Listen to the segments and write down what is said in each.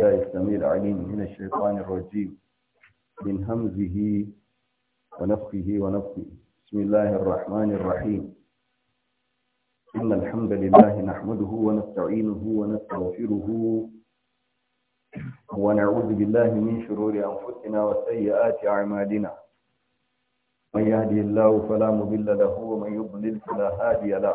يا السميع العليم من الشيطان الرجيم من همزه ونفخه ونفخه بسم الله الرحمن الرحيم إن الحمد لله نحمده ونستعينه ونستغفره ونعوذ بالله من شرور أنفسنا وسيئات أعمالنا من يهدي الله فلا مضل له ومن يضلل فلا هادي له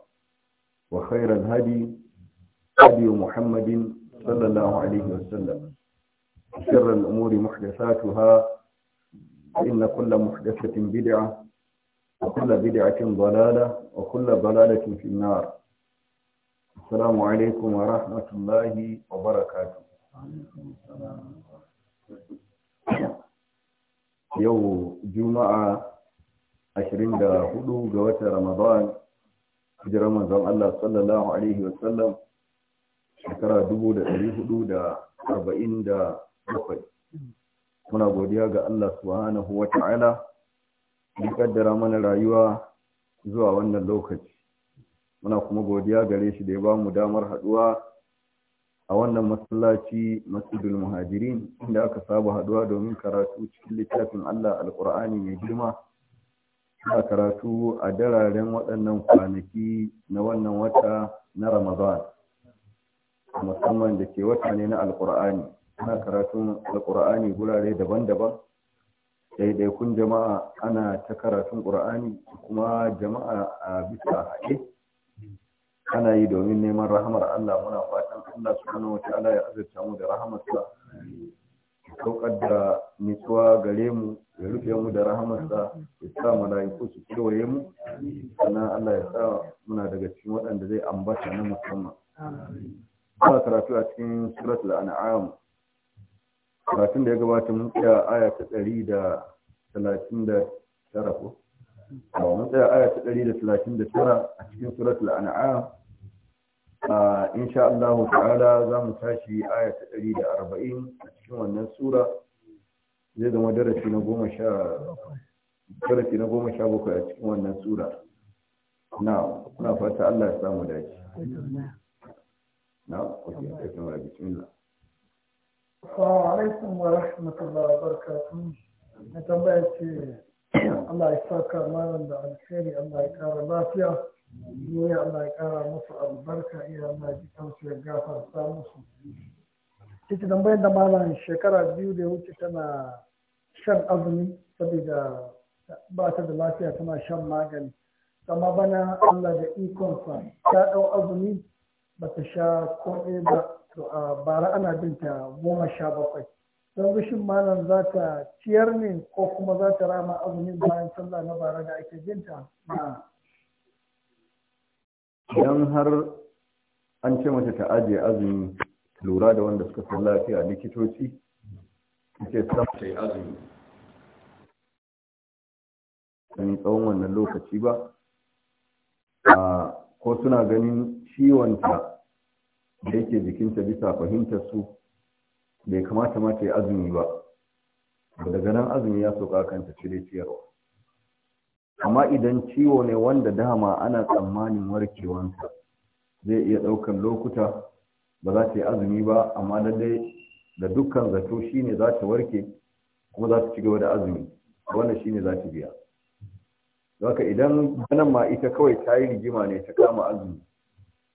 وخير الهدي هدي محمد صلى الله عليه وسلم شر الأمور محدثاتها فإن كل محدثة بدعة وكل بدعة ضلالة وكل ضلالة في النار السلام عليكم ورحمة الله وبركاته يوم جمعة 24 ga watan Ramadan hijirar manzon Allah sallallahu alaihi wa sallam shekara 1447 muna godiya ga Allah subhanahu wa ta'ala ya kaddara mana rayuwa zuwa wannan lokaci muna kuma godiya gare shi da ya ba mu damar haɗuwa a wannan masallaci masjidul muhajirin inda aka saba haɗuwa domin karatu cikin littafin Allah Alƙur'ani mai girma suna karatu a dararen waɗannan kwanaki na wannan wata na Ramadan musamman da ke wata ne na alkur'ani ana karatu alkur'ani gurare daban-daban daidaikun jama'a ana ta karatun ƙur'ani kuma jama'a a bisa haɗe ana yi domin neman rahamar Allah muna fatan Allah subhanahu ya azurta mu da rahamarsa saukar da nutsuwa gare mu ya rufe mu da rahamarsa ya sa mala'iku su kewaye mu sannan Allah ya sa muna daga cikin waɗanda zai ambata na musamman ba karatu a cikin suratul an'am karatun da ya gabata mun tsaya aya ta ɗari da talatin da tara ko mun tsaya aya ta ɗari da talatin da tara a cikin suratul an'am insha Allah ta'ala za mu tashi aya ta 140 a cikin wannan sura zai zama darasi na goma sha darasi bakwai a cikin wannan sura na kuna fata Allah ya samu daji. na kuke a cikin wa bismillah Assalamu alaikum wa rahmatullahi wa barakatuh na tambaya ce Allah ya saka malam da alkhairi Allah ya kara lafiya mu ya Allah ya kara musu albarka ya Allah ya ji kansu ya gafarta musu ita tambayar da malam shekara biyu da ya wuce tana shan azumi saboda ba ta da lafiya tana shan magani amma bana Allah da ikonsa ta ɗau azumi ba ta sha ko ba to a bara ana binta goma sha bakwai don rashin malam za ta ciyar ne ko kuma za ta rama azumin bayan sallah na bara da ake binta na idan har an ce mace ta ajiye azumi lura da wanda suka san lafiya likitoci suke san ta yi azumi yi tsawon wannan lokaci ba ko suna ganin ciwonta da yake jikinta bisa fahimtar su bai kamata ma yi azumi ba daga nan azumi ya sauka kanta cire ciyarwa amma idan ciwo ne wanda dama ana tsammanin warkewansa zai iya ɗaukan lokuta ba za ta yi azumi ba amma da dai da dukkan zato shi ne za ta warke kuma za ta ci gaba da azumi wannan ne za ta biya haka idan ganin ma ita kawai ta yi rigima ne ta kama azumi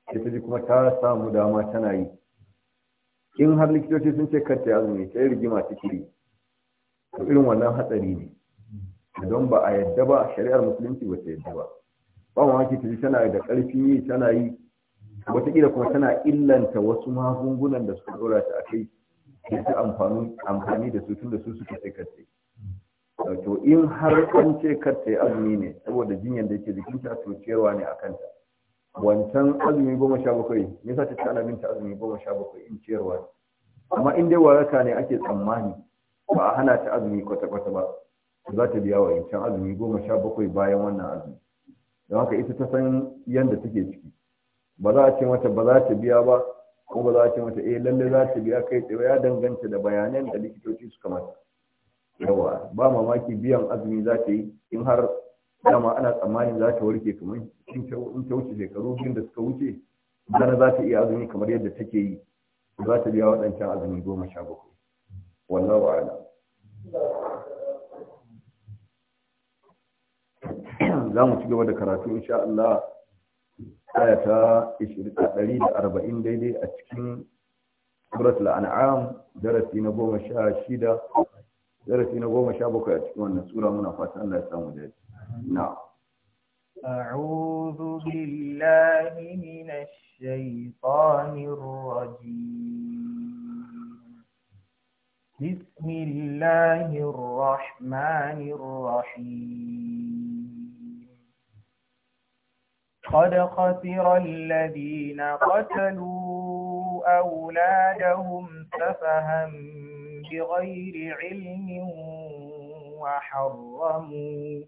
sai ta ji kuma ta samu dama tana yi in har likitoci sun ce kar ta yi azumi ta yi rigima ta kiri to irin wannan hatsari ne don ba a yadda ba shari'ar musulunci ba ta yadda ba ba mamaki ta tafi tana da ƙarfi, yi tana yi wataƙila kuma tana illanta wasu magungunan da suka ɗora ta a kai da ta amfani da su tun da su suka sai kace to in har an ce kace azumi ne saboda jinyar da yake ta to ciyarwa ne a kanta wancan azumi goma sha bakwai me yasa ta ana binta azumi goma sha bakwai in ciyarwa ne amma in dai waraka ne ake tsammani ba a hana ta azumi kwata-kwata ba za ta biya wa azumi goma sha bakwai bayan wannan azumi don haka ita ta san yadda take ciki ba za a ce mata ba za ta biya ba ko ba za a ce mata eh lalle za ta biya kai tsaye ya danganta da bayanan da likitoci suka mata yawa ba mamaki biyan azumi za ta yi in har dama ana tsammanin za ta warke kamar in ta wuce shekaru biyun da suka wuce bana za ta iya azumi kamar yadda take yi za ta biya waɗancan azumi goma sha bakwai wallahu a'lam za mu ci gaba da karatu insha Allah aya ta 140 daidai a cikin surat al-an'am darasi na goma sha shida darasi na goma sha bakwai a cikin wannan sura muna fata Allah ya samu daidai na أعوذ بالله من الشيطان الرجيم بسم الله الرحمن الرحيم قد خسر الذين قتلوا أولادهم سفها بغير علم وحرموا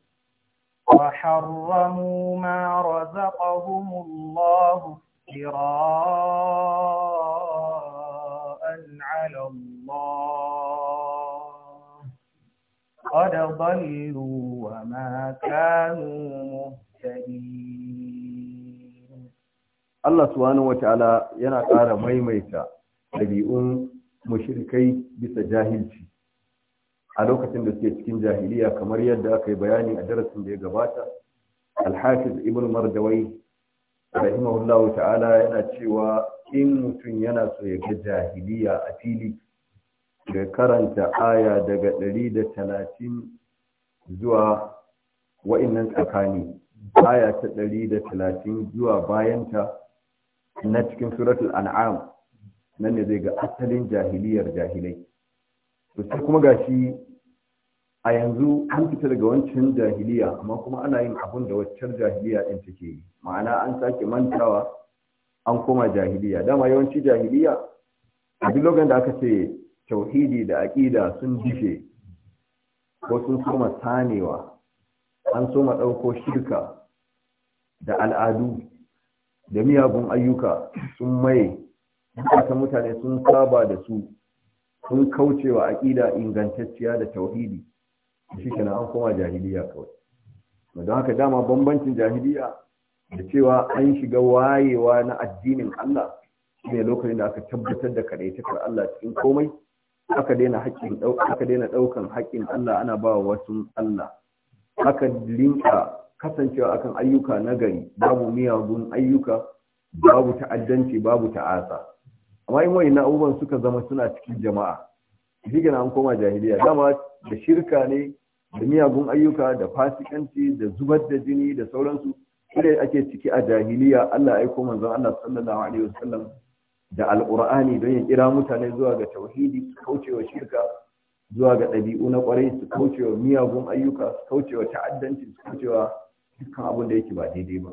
وحرموا ما رزقهم الله افتراء على الله قد ضلوا وما كانوا مهتدين allah subhanahu سبحانه yana ƙara maimaita ɗabi'un mushrikai bisa jahilci a lokacin da suke cikin jahiliya kamar yadda aka yi bayani a darasin da ya gabata alhafiz ibn mardawai rahimahullahu ta'ala yana cewa in mutum yana so ya ga jahiliya a fili da karanta aya daga ɗari da talatin zuwa waɗannan tsakani aya ta ɗari da talatin zuwa bayanta na cikin suratul an'am nan ne zai ga asalin jahiliyar jahilai to sai ga shi a yanzu an fita daga wancan jahiliya amma kuma ana yin abun da waccan jahiliya ɗin take yi ma'ana an sake mantawa an koma jahiliya dama yawanci jahiliya a duk lokacin da aka ce tauhidi da aƙida sun dishe ko sun koma sanewa an so ma ɗauko shirka da al'adu da miyagun ayyuka sun maye ta mutane sun saba da su sun kaucewa aƙida ingantacciya da tauhidi shi kenan an koma jahiliya kawai don haka dama bambancin jahiliya da cewa an shiga wayewa na addinin Allah ne lokacin da aka tabbatar da kaɗaitakar Allah cikin komai aka daina haƙƙin ɗaukan haƙƙin Allah ana ba wa wasu Allah aka linka kasancewa akan ayyuka na gari babu miyagun ayyuka babu ta'addanci babu ta'asa amma in wayannan abubuwan suka zama suna cikin jama'a shi an koma jahiliya dama da shirka ne da miyagun ayyuka da fasikanci da zubar da jini da sauransu kire ake ciki a jahiliya Allah ya aiko manzon Allah sallallahu alaihi wasallam da alqur'ani don ya kira mutane zuwa ga tauhidi kaucewa shirka zuwa ga ɗabi'u na ƙwarai su kaucewa miyagun ayyuka su kaucewa ta'addanci su kaucewa dukkan abin da yake ba daidai ba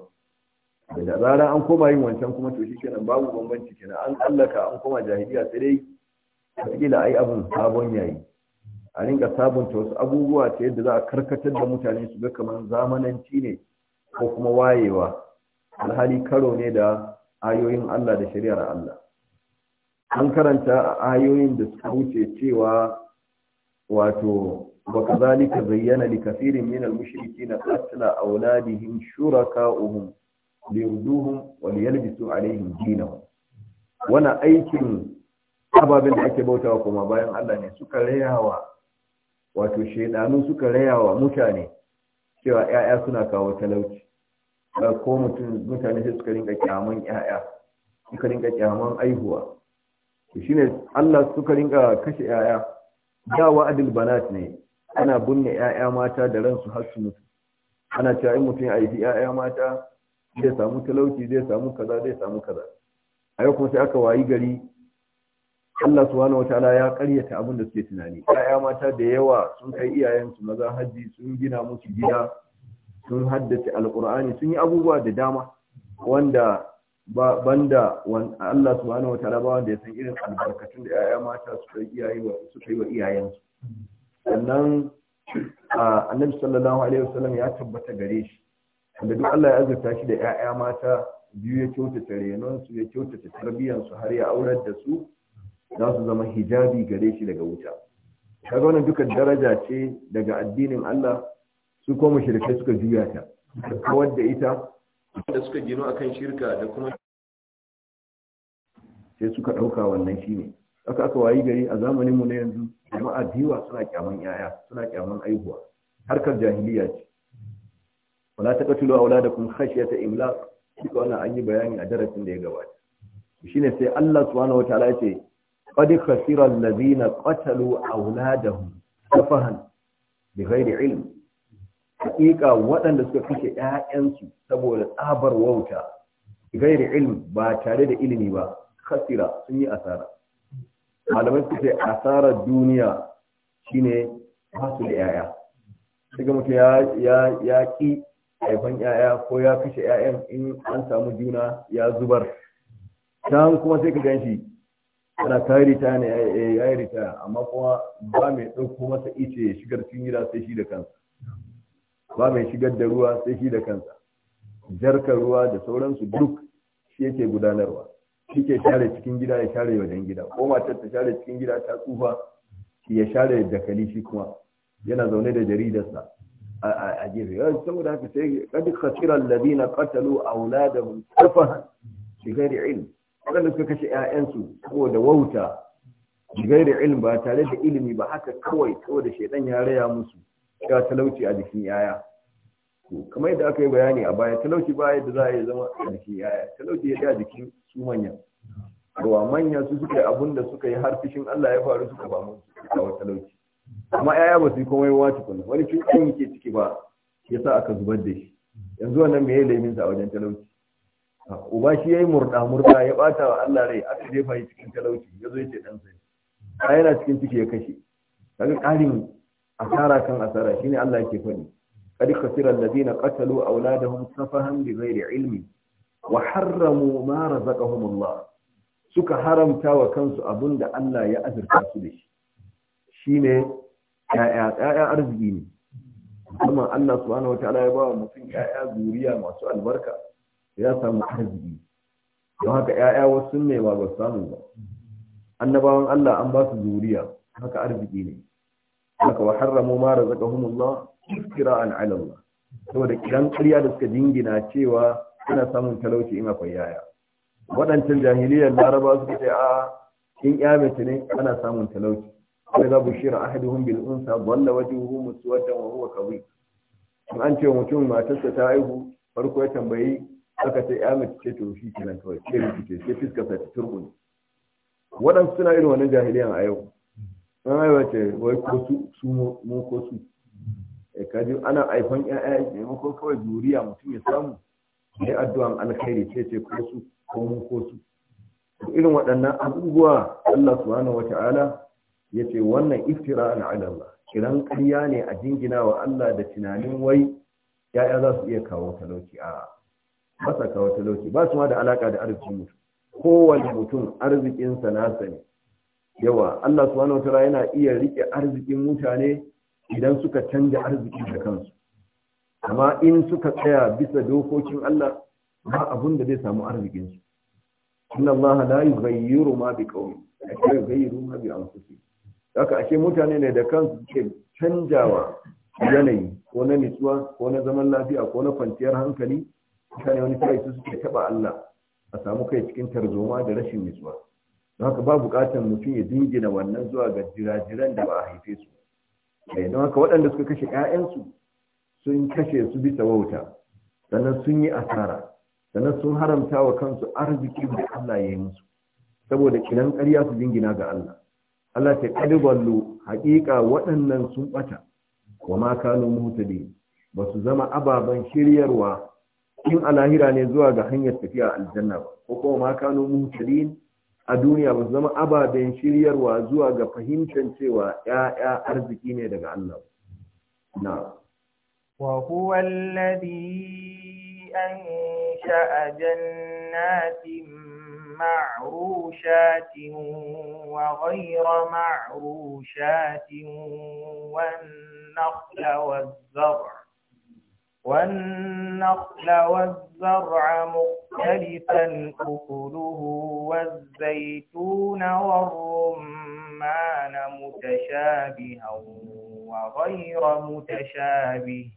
da zarar an koma yin wancan kuma to shi kenan babu bambanci kenan an tsallaka an koma jahiliya sai dai wataƙila ai abin sabon yayi a rinka sabunta wasu abubuwa ta yadda za a karkatar da mutane su ga kamar zamananci ne ko kuma wayewa alhali karo ne da ayoyin Allah da shari'ar Allah an karanta ayoyin da suka wuce cewa wato wa kazalika zayyana li kaseerin min al-mushrikeena qatla awladihim shuraka'uhum liyurduhum wa liyalbisu alaihim dinahum wana aikin ababen da ake bautawa kuma bayan Allah ne suka rayawa wato shedanu suka rayawa mutane cewa ƴaƴa suna kawo talauci ko mutum mutane sai suka rinka kyaman ƴaƴa suka rinka kyaman aihuwa to shine Allah suka rinka kashe ƴaƴa da adil banat ne ana binne 'ya'ya mata da ransu har su mutu ana cewa in mutum ya haifi 'ya'ya mata zai samu talauci zai samu kaza zai samu kaza a kuma sai aka wayi gari Allah subhanahu wataala ya karyata abin da suke tunani 'ya'ya mata da yawa sun kai iyayensu maza hajji sun gina musu gida sun haddace alkur'ani sun yi abubuwa da dama wanda banda Allah subhanahu wa ta'ala ba wanda ya san irin albarkatun da yaya mata suka yi wa suka yi wa iyayensu sannan annabi sallallahu alaihi wasallam ya tabbata gare shi da duk Allah ya azurta shi da yaya mata biyu ya kyautata renon su ya kyautata tarbiyyar su har ya aurar da su za su zama hijabi gare shi daga wuta kaga wannan duka daraja ce daga addinin Allah su ko mushrike suka juya ta kawar da ita da suka gino kan shirka da kuma sai suka ɗauka wannan shi ne aka aka wayi gari a zamaninmu na yanzu jama'a diwa suna kyaman yaya suna kyaman aihuwa harkar jahiliya ce wala ta kuma auladakum ta imla duka wannan an yi bayani a darasin da ya gabata shine sai Allah subhanahu wataala yace qad khasira allazina qatalu auladahum safahan bighairi ilmi hakika waɗanda suka kashe ‘ya'yansu saboda tsabar wauta gairi ilm ba tare da ilimi ba kasira sun yi asara malamai su ce asarar duniya shine ba su da ‘ya'ya daga mutu ya ƙi haifan ‘ya'ya ko ya kashe ‘ya'yan in an samu juna ya zubar can kuma sai ka gan shi ana ta ritaya ne ya yi ritaya amma kuma ba mai ɗauko masa ice shigar cikin gida sai shi da kansa ba mai shigar da ruwa sai shi da kansa jarkar ruwa da sauransu duk shi yake gudanarwa shi ke share cikin gida ya share wajen gida ko matar ta share cikin gida ta tsufa shi ya share dakali shi kuma yana zaune da jaridarsa a gefe saboda haka sai kadi khasira alladhina qatalu auladahum safahan bi ghairi ilm wanda suka kashe 'ya'yansu da wauta bi ghairi ilm ba tare da ilimi ba haka kawai saboda shedan ya raya musu ga talauci a jikin yaya to kamar yadda aka yi bayani a baya talauci ba yadda za a yi zama a jikin yaya talauci ya a jikin su manya ruwa manya su suka yi abun da suka yi har fishin Allah ya faru suka ba mun kawo talauci amma yaya ba su yi komai wa tukun wani cikin yake ciki ba yasa aka zubar da shi yanzu wannan me yayi laimin sa a wajen talauci ah, uba shi yayi murda murda ya bata wa Allah rai aka jefa shi cikin talauci yazo yace dan sai yana cikin ciki ya kashe kaga karin asara kan asara shine Allah yake faɗi qad khasira alladhina qatalu awladahum safahan bighairi ilmi wa harramu ma razaqahum Allah suka haramta wa kansu abinda Allah ya azurta su da shi shine ya'ya arziki ne kuma Allah subhanahu wataala ya ba mutum ya'ya zuriya masu albarka ya samu arziki don haka ‘ya'ya wasu ne ba ba samu ba annabawan Allah an ba su zuriya haka arziki ne haka wa harramu ma razaqahumullah iftira'an 'ala Allah saboda kiran ƙarya da suka dingina cewa suna samun talauci in akwai yaya waɗancan jahiliyar laraba suka ce a in ya mace ne ana samun talauci sai za bushira ahaduhum bil unsa dalla wajhuhu muswaddan wa huwa kadhib in an ce mutum matarsa ta haihu farko ya tambayi aka ce ya mace ce to shi kenan kawai sai rikice sai fiskar ta turbuni waɗansu suna irin wannan jahiliyan a yau don haihuwa ce wai ko su su mu ko su eh, kaji ana haifan ƴaƴa ko kawai zuriya mutum ya samu sai addu'an alkhairi ce ce ko su ko mu ko su irin waɗannan abubuwa Allah subhanahu wata'ala ya ce wannan iftira'an ala Allah kiran ƙarya ne a jingina wa Allah da tunanin wai ya'ya za su iya kawo talauci a ba sa kawo talauci ba su ma da alaka da arzikin mutum kowane mutum arzikinsa nasa ne yawa Allah subhanahu wataala yana iya rike arzikin mutane idan suka canja arzikin da kansu amma in suka tsaya bisa dokokin Allah ba abun da zai samu arzikin su inna Allah la yughayyiru ma biqawmin hatta yughayyiru ma bi anfusihim haka ashe mutane ne da kansu suke canjawa yanayi ko na nutsuwa ko na zaman lafiya ko na kwanciyar hankali mutane wani kai su suke taba Allah a samu kai cikin tarzoma da rashin nutsuwa don haka ba bukatar mutum ya dingina wannan zuwa ga jirajiran da ba a haife su eh, don haka waɗanda suka kashe 'ya'yansu sun kashe su bisa wauta sannan sun yi asara sannan sun haramta wa kansu arzikin da Allah ya yi musu saboda kinan ƙarya su dingina ga Allah Allah ta kadi haƙiƙa waɗannan sun bata wa ma kanu mutadi ba su zama ababen shiryarwa in alahira ne zuwa ga hanyar tafiya aljanna ba ko kuma ma kanu muhtadin a duniya ba su zama ababen shiryarwa zuwa ga fahimtar cewa ‘ya'ya arziki ne daga Allah. Na. Wa huwa alladhi an sha'a jannatin ma'rushatin wa ghayra ma'rushatin wan nakhla waz-zar'a والنخل والزرع مختلفا أكله والزيتون والرمان متشابها وغير متشابه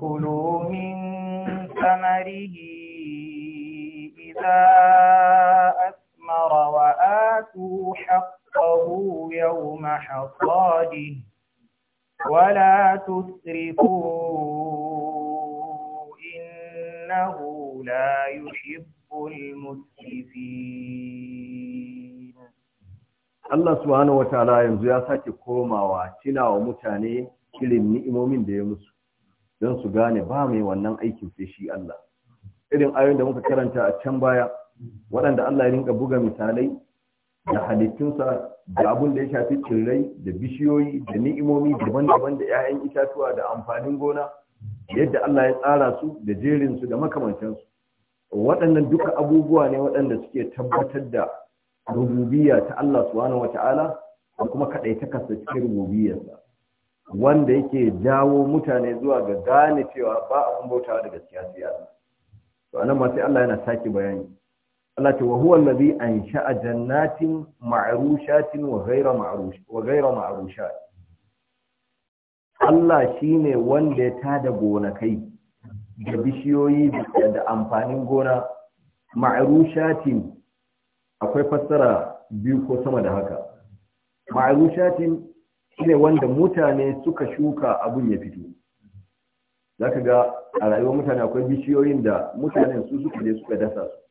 كلوا من ثمره إذا أثمر وآتوا حقه يوم حصاده ولا تسرفوا إنه لا يحب المسرفين Allah سبحانه وتعالى yanzu ya sake komawa ومتاني mutane irin ni'imomin da ya musu don su gane ba mai wannan aikin sai shi Allah irin ayoyin da muka karanta a can baya waɗanda Allah ya rinka buga misalai da halittunsa da abun da ya shafi tsirrai da bishiyoyi da ni'imomi daban-daban da 'ya'yan itatuwa da amfanin gona yadda Allah ya tsara su da jerinsu, da makamancinsu. waɗannan duka abubuwa ne waɗanda suke tabbatar da rububiyya ta Allah subhanahu wata'ala da kuma kaɗai kasa cikin rububiyarsa wanda yake jawo mutane zuwa ga gane cewa ba a bautawa daga gaskiya sai to anan ma sai Allah yana sake bayani Allah ta wa huwa allazi ansha'a jannatin ma'rushatin wa ghayra ma'rush wa ghayra ma'rushat Allah shine wanda ya tada gonakai da bishiyoyi da amfanin gona ma'rushatin akwai fassara biyu ko sama da haka ma'rushatin shine wanda mutane suka shuka abun ya fito zaka ga a rayuwar mutane akwai bishiyoyin da mutanen su suka je suka dasa su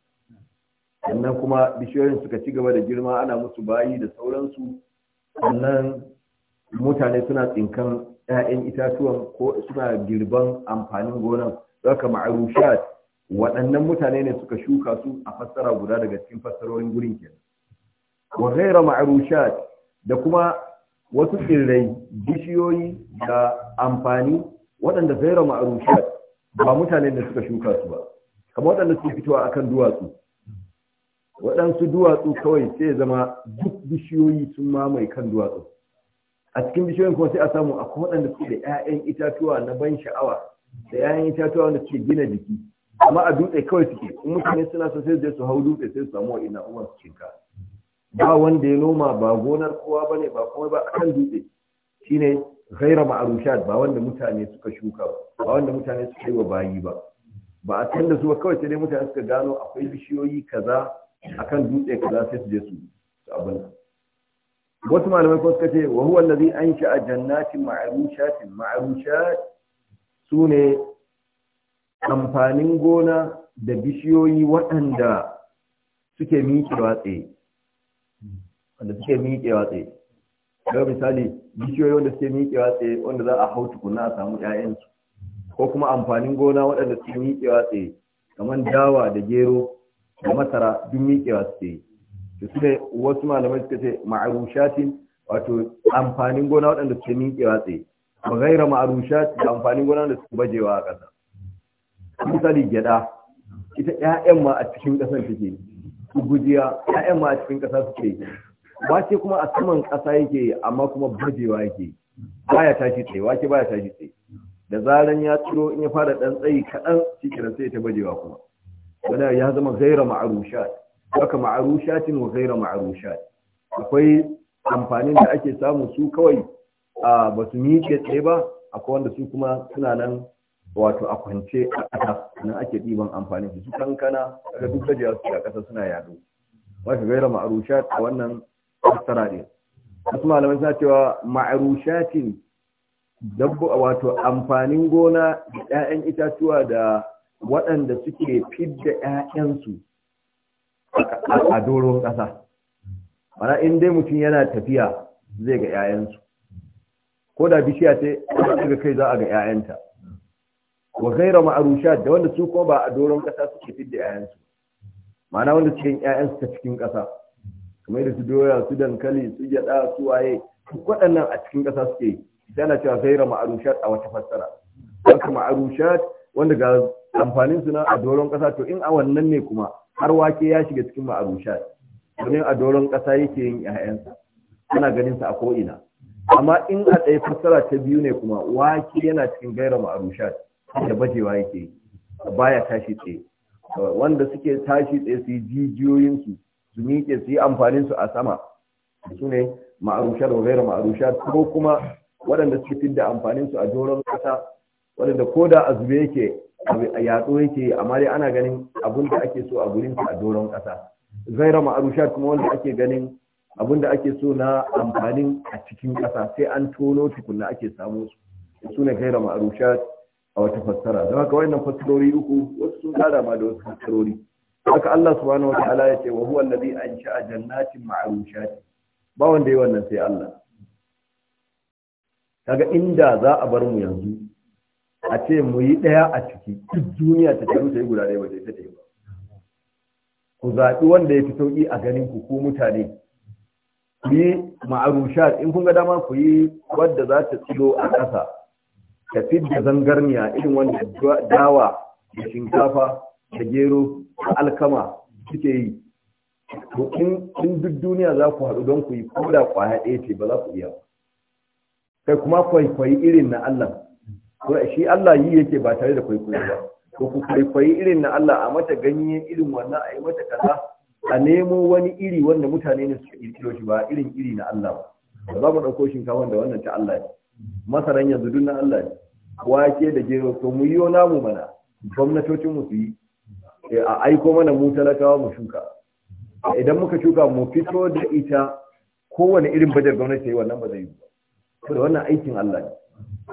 sannan kuma bishiyoyin suka ci gaba da girma ana musu bayi da sauransu sannan mutane suna tsinkan 'ya'yan itatuwan ko suna girban amfanin gonan zaka ma'arushat waɗannan mutane ne suka shuka su a fassara guda daga cikin fassarorin gurin ke wa ghaira ma'arushat da kuma wasu tsirrai bishiyoyi da amfani waɗanda ghaira ma'arushat ba mutane ne suka shuka su ba kamar waɗanda suke fitowa akan duwatsu waɗansu duwatsu kawai sai zama duk bishiyoyi sun mamaye kan duwatsu a cikin bishiyoyin kuma sai a samu akwai waɗanda suke da 'ya'yan itatuwa na ban sha'awa da 'ya'yan itatuwa wanda suke gina jiki amma a dutse kawai suke in mutane suna so sai su hau dutse sai su samu wa ina uwan su cinka ba wanda ya noma ba gonar kowa ba ne ba kuma ba akan dutse shine ghaira ma'arushat ba wanda mutane suka shuka ba ba wanda mutane suka yi wa bayi ba ba a da su ba kawai sai dai mutane suka gano akwai bishiyoyi kaza akan dutse kaza sai su je su abin wasu malamai ko suka ce wa huwa allazi ansha'a jannatin ma'arushatin ma'arushat sune amfanin gona da bishiyoyi waɗanda suke miƙe watse, wanda suke miƙewa tsaye ga misali bishiyoyi wanda suke miƙe watse wanda za a hau tukuna a samu ƴaƴansu ko kuma amfanin gona waɗanda suke miƙe watse kamar dawa da gero da masara duk miƙewa suke yi su ne wasu malamai suka ce ma'arushatin wato amfanin gona waɗanda suke miƙewa tsaye ba gaira ma'arushat da amfanin gona da suke bajewa a ƙasa misali gyaɗa ita ƴaƴan ma a cikin ƙasan take gujiya ƴaƴan ma a cikin ƙasa suke wace kuma a saman ƙasa yake amma kuma bajewa yake baya tashi tsaye wace baya tashi tsaye da zaran ya tsiro in ya fara ɗan tsayi kaɗan shi sai ta bajewa kuma wala ya zama Zaira ma'arushat haka ma'arushatin wa Zaira ma'arushat akwai amfanin da ake samu su kawai a basu su miƙe tsaye ba akwai wanda su kuma suna nan wato a kwance a ƙasa nan ake ɗiban amfanin su kankana daga duk gajiya su a ƙasa suna yaɗo wata gaira ma'arushat a wannan fassara ne wasu malamai suna cewa ma'arushatin dabbo wato amfanin gona da 'ya'yan itatuwa da waɗanda suke fidda ‘ya'yansu a doron ƙasa. Mana in dai mutum yana tafiya zai ga ‘ya'yansu. Ko da bishiya ce, daga kai za a ga ‘ya'yanta. Wa gaira ma'arusha da wanda su kuma ba a doron ƙasa suke fidda ‘ya'yansu. Mana wanda cikin ‘ya'yansu ta cikin ƙasa. Kamar da su doya, su dankali, su gyaɗa, su waye, waɗannan a cikin ƙasa suke yi. ana cewa gaira ma'arushat a wata fassara. wanda ga amfanin su na a doron ƙasa to in a wannan ne kuma har wake ya shiga cikin ma'arusha domin a doron ƙasa yake yin 'ya'yansa ana ganin sa a ko'ina amma in a ɗaya fassara ta biyu ne kuma wake yana cikin gaira ma'arusha da bajewa yake baya tashi tsaye wanda suke tashi tsaye su yi jijiyoyinsu su miƙe su yi amfanin su a sama su ne ma'arushar da gaira ma'arushar ko kuma waɗanda suke fidda amfanin su a doron kasa waɗanda ko da a zube yake yatsu yake amma dai ana ganin abin da ake so a gurin a doron ƙasa zaira Arusha kuma wanda ake ganin abin da ake so na amfanin a cikin kasa sai an tono tukunna ake samu su su ne gaira Arusha a wata fassara don haka wayannan fassarori uku wasu sun tsara ma da wasu fassarori haka Allah subhanahu wataala ya ce wa huwa allazi ansha'a jannatin ma'arushat ba wanda yayi wannan sai Allah kaga inda za a bar mu yanzu a ce mu yi ɗaya a ciki duk duniya ta taru ta yi guda ɗaya waje ta yi ba ku zaɓi wanda ya fi sauƙi a ganin ku ko mutane ku yi ma'arusha in kun ga dama ku yi wadda za ta tsiro a ƙasa ka da zangarniya irin wanda dawa da shinkafa da gero da alkama suke yi to in duk duniya za ku haɗu don ku yi koda ƙwaya ɗaya ce ba za ku iya kai kuma kwaikwayi irin na Allah shi Allah yi yake ba tare da kwaikwayo ba ko ku kwaikwayi irin na Allah a mata ganye irin wannan a yi mata kaza a nemo wani iri wanda mutane ne suka yi shi ba irin iri na Allah ba ba za mu ɗauko shinkafa da wannan ta Allah ne masaran yanzu duk na Allah ne wake da gero to mu yi namu mana gwamnatocin mu su yi eh, a aiko mana mu talakawa mu shuka idan muka shuka mu fito da ita kowane irin bajar gwamnati yi wannan ba zai yi ba wannan aikin Allah ne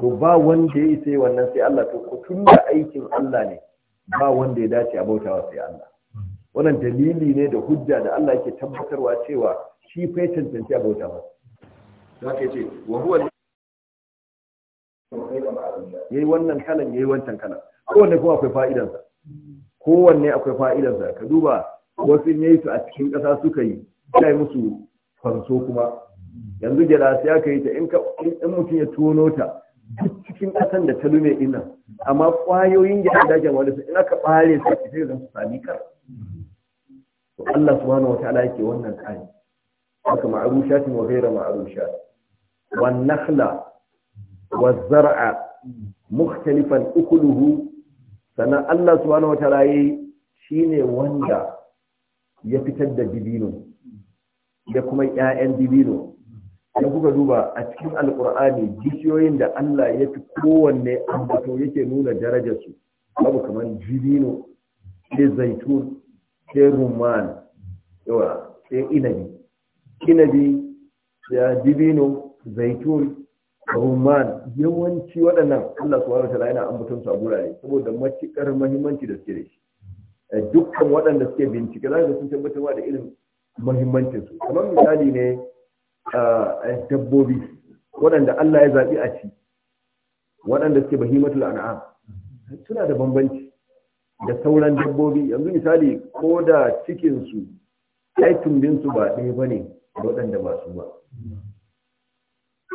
to ba wanda ya isa wannan sai Allah to ko tun da aikin Allah ne ba wanda ya dace a bautawa sai Allah wannan dalili ne da hujja da Allah yake tabbatarwa cewa shi fa tantance a bauta masa zaka ce wa huwa yayi wannan kalan yayi wancan kalan kowanne kuma akwai fa'idansa kowanne akwai fa'idansa ka duba wasu ne su a cikin ƙasa suka yi sai musu fanso kuma yanzu gyada sai aka yi ta in mutum ya tono ta duk cikin ƙasan da ta lume ina amma ƙwayoyin gyada dajin wani su in aka bare su ake sai su sami kar to Allah subhanahu wataala yake wannan tsari haka ma'arushatin wa ghaira ma'arushat wan nakhla wa zar'a mukhtalifan ukuluhu sannan Allah subhanahu wataala yayi shine wanda ya fitar da dibino da kuma 'ya'yan dibino da kuka duba a cikin alkur'ani bishiyoyin da Allah ya fi kowanne ambato yake nuna darajarsu babu kamar jibino sai zaitun sai rumman yawa sai inabi inabi ya jibino zaitun rumman yawanci waɗannan Allah su wata wataala yana ambaton su a gurare saboda matukar muhimmanci da suke da shi eh, dukkan waɗanda suke bincike za su tabbatar da irin muhimmancinsu kamar misali ne dabbobi waɗanda Allah ya zaɓi a ci waɗanda suke bahimatul an'am suna da bambanci da sauran dabbobi yanzu misali ko da cikin su ai tumbin su ba ɗaya bane da waɗanda ba su ba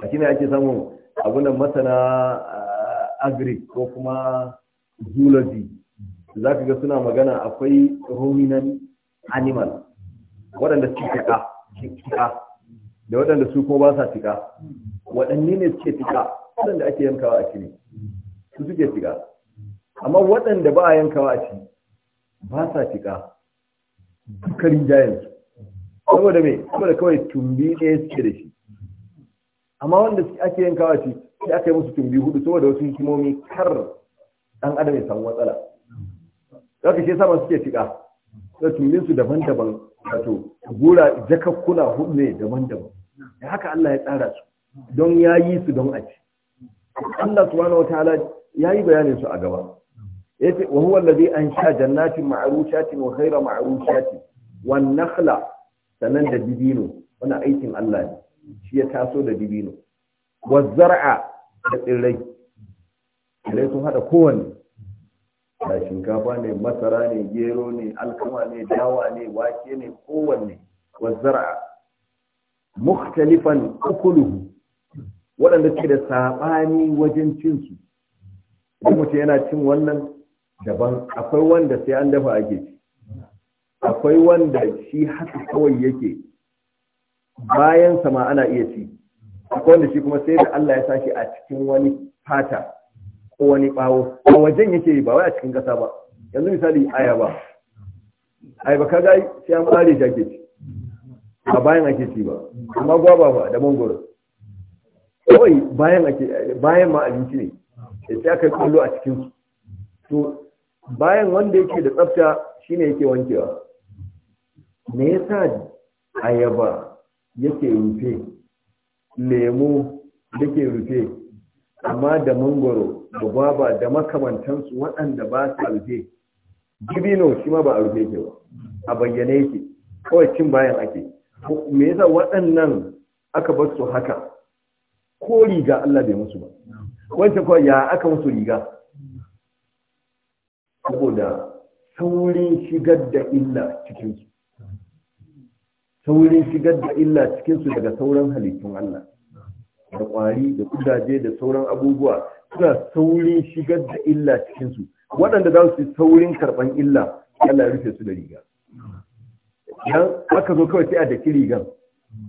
a shine ake samun nan masana agri ko kuma zoology zaka ga suna magana akwai ruminant animal waɗanda suke ka da waɗanda su kuma ba sa tika waɗanne ne suke tika waɗanda ake yankawa a ci ne su suke tika amma waɗanda ba a yankawa a ci ba sa tika duka su saboda mai saboda kawai tumbi ɗaya suke da shi amma wanda ake yankawa a ci sai aka yi musu tumbi hudu saboda wasu hikimomi kar ɗan adam ya samu matsala zaka shi sama suke tika da su daban-daban wato gura jakakkuna hudu ne daban-daban da haka Allah ya tsara su don ya yi su don a ci Allah subhanahu ala ya yi bayanin su a gaba ce, wa huwa an sha jannatin ma'rushatin wa ghayra ma'rushatin wan nakhla sanan da dibino wani aikin Allah ne shi ya taso da dibino wa zar'a da tsirrai tsirrai sun hada kowanne da shinkafa ne masara ne gero ne alkama ne dawa ne wake ne kowanne wa zar'a mukhtalifan ukuluhu waɗanda suke da saɓani wajen cinsu idan mutum yana cin wannan daban akwai wanda sai an dafa ake ci akwai wanda shi haka kawai yake bayan sama ana iya ci akwai wanda shi kuma sai da Allah ya sashi a cikin wani fata ko wani bawo a wajen yake ba wai a cikin ƙasa ba yanzu misali ayaba ayaba kaga sai an bare shi ake ci a bayan ake ci ba amma gwaba ba da mangoro kawai bayan ake bayan ma abinci ne da sai aka kallo a cikin su to bayan wanda yake da tsafta shine yake wankewa me yasa ayaba yake rufe lemo yake rufe amma da mangoro da gwaba da makamantansu waɗanda ba su rufe gibino shi ma ba a rufe ke ba a bayyane yake kawai cin bayan ake me yasa waɗannan aka bar su haka ko riga Allah bai musu ba wancan kuwa ya aka musu riga saboda saurin shigar da illa cikinsu saurin shigar da illa cikinsu daga sauran halittun Allah da ƙwari da kudaje da sauran abubuwa suna saurin shigar da illa cikinsu waɗanda za su saurin karɓan illa Allah ya rufe su da riga idan aka zo kawai sai a daki rigan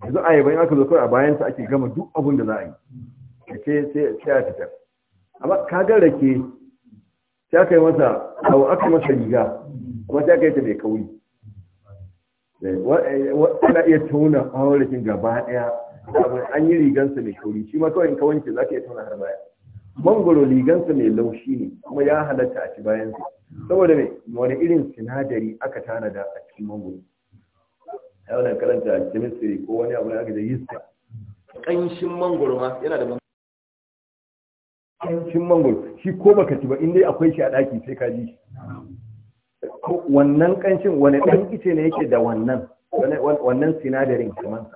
yanzu a yaban aka zo kawai a bayansa ake gama duk abin da za a yi sai sai a fita amma ka ga rake sai aka yi masa abu aka yi masa riga kuma sai aka yi ta mai kauri eh, eh, ana iya tauna bawon rakin gaba daya an yi rigansa mai kauri shi ma kawai in ka wanke za ka iya tauna har baya mangoro rigansa mai laushi ne kuma ya halatta a ci bayansa saboda mai wani irin sinadari aka tanada a cikin mangoro ai wannan karanta chemistry ko wani abu ne aka da yista kanshin mangoro ma yana da kanshin mangoro shi ko baka ci ba in dai akwai shi a daki sai ka ji wannan kanshin wani dan ice ne yake da wannan wannan sinadarin kamar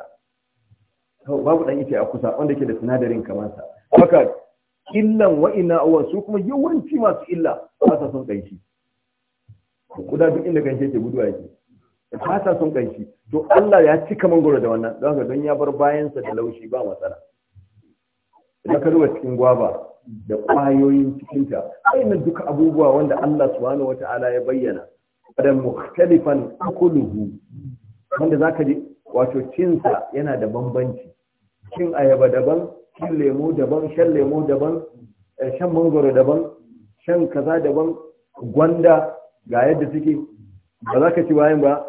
sa babu dan ice a kusa wanda ke da sinadarin kamar sa haka illan wa'ina awan su kuma yawanci masu illa ba sa son kanshi kuda duk inda kanshi yake guduwa yake ba ta son kanshi to Allah ya cika mangoro da wannan don haka don ya bar bayansa da laushi ba matsala idan ka duba cikin gwaba da kwayoyin cikinta na duka abubuwa wanda Allah subhanahu wata'ala ya bayyana da mukhtalifan akuluhu wanda zaka ji wato cinsa yana da bambanci cin ayaba daban cin lemo daban shan lemo daban eh, shan mangoro daban shan kaza daban gwanda ga yadda suke ba za ka ci bayan ba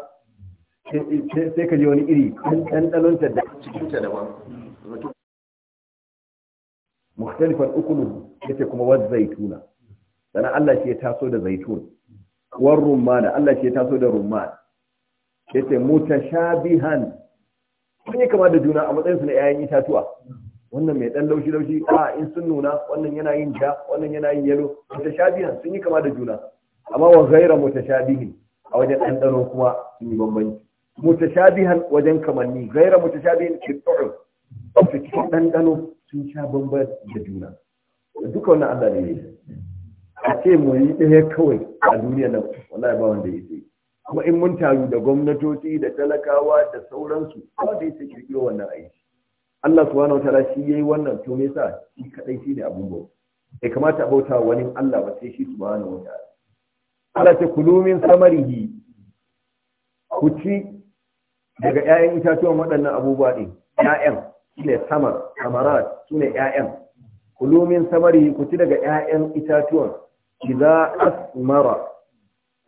sai ka ji wani iri ɗanɗanonta da cikinta wani mukhtalifan ukulu yake kuma wa zaituna sannan Allah shi ya taso da zaitun war rumana Allah shi ya taso da rumman yake mutashabihan sun yi kama da juna a matsayin su na yayan itatuwa wannan mai dan laushi laushi a in sun nuna wannan yana yin ja wannan yana yin yalo mutashabihan sun yi kama da juna amma wa ghaira mutashabihin a wajen ɗanɗano kuma sun yi bambanci mutashabihan wajen kamanni gaira mutashabihin kittu'u su cikin ɗanɗano sun sha bambar da juna duka wannan Allah ne yi a ce mu yi ɗaya kawai a duniya nan wallahi ba wanda ya yi kuma in mun taru da gwamnatoci da talakawa da sauransu ba da yake kirkiro wannan aiki Allah subhanahu wataala shi yayi wannan to me yasa shi kadai shi ne abun bauta kamata a bauta wani Allah ba sai shi subhanahu wataala Allah ta kulu min samarihi ku ci daga 'ya'yan itatuwan waɗannan abubuwa ɗin 'ya'yan ne samar samarat sune 'ya'yan kulumin samari ku ci daga 'ya'yan itatuwan idza asmara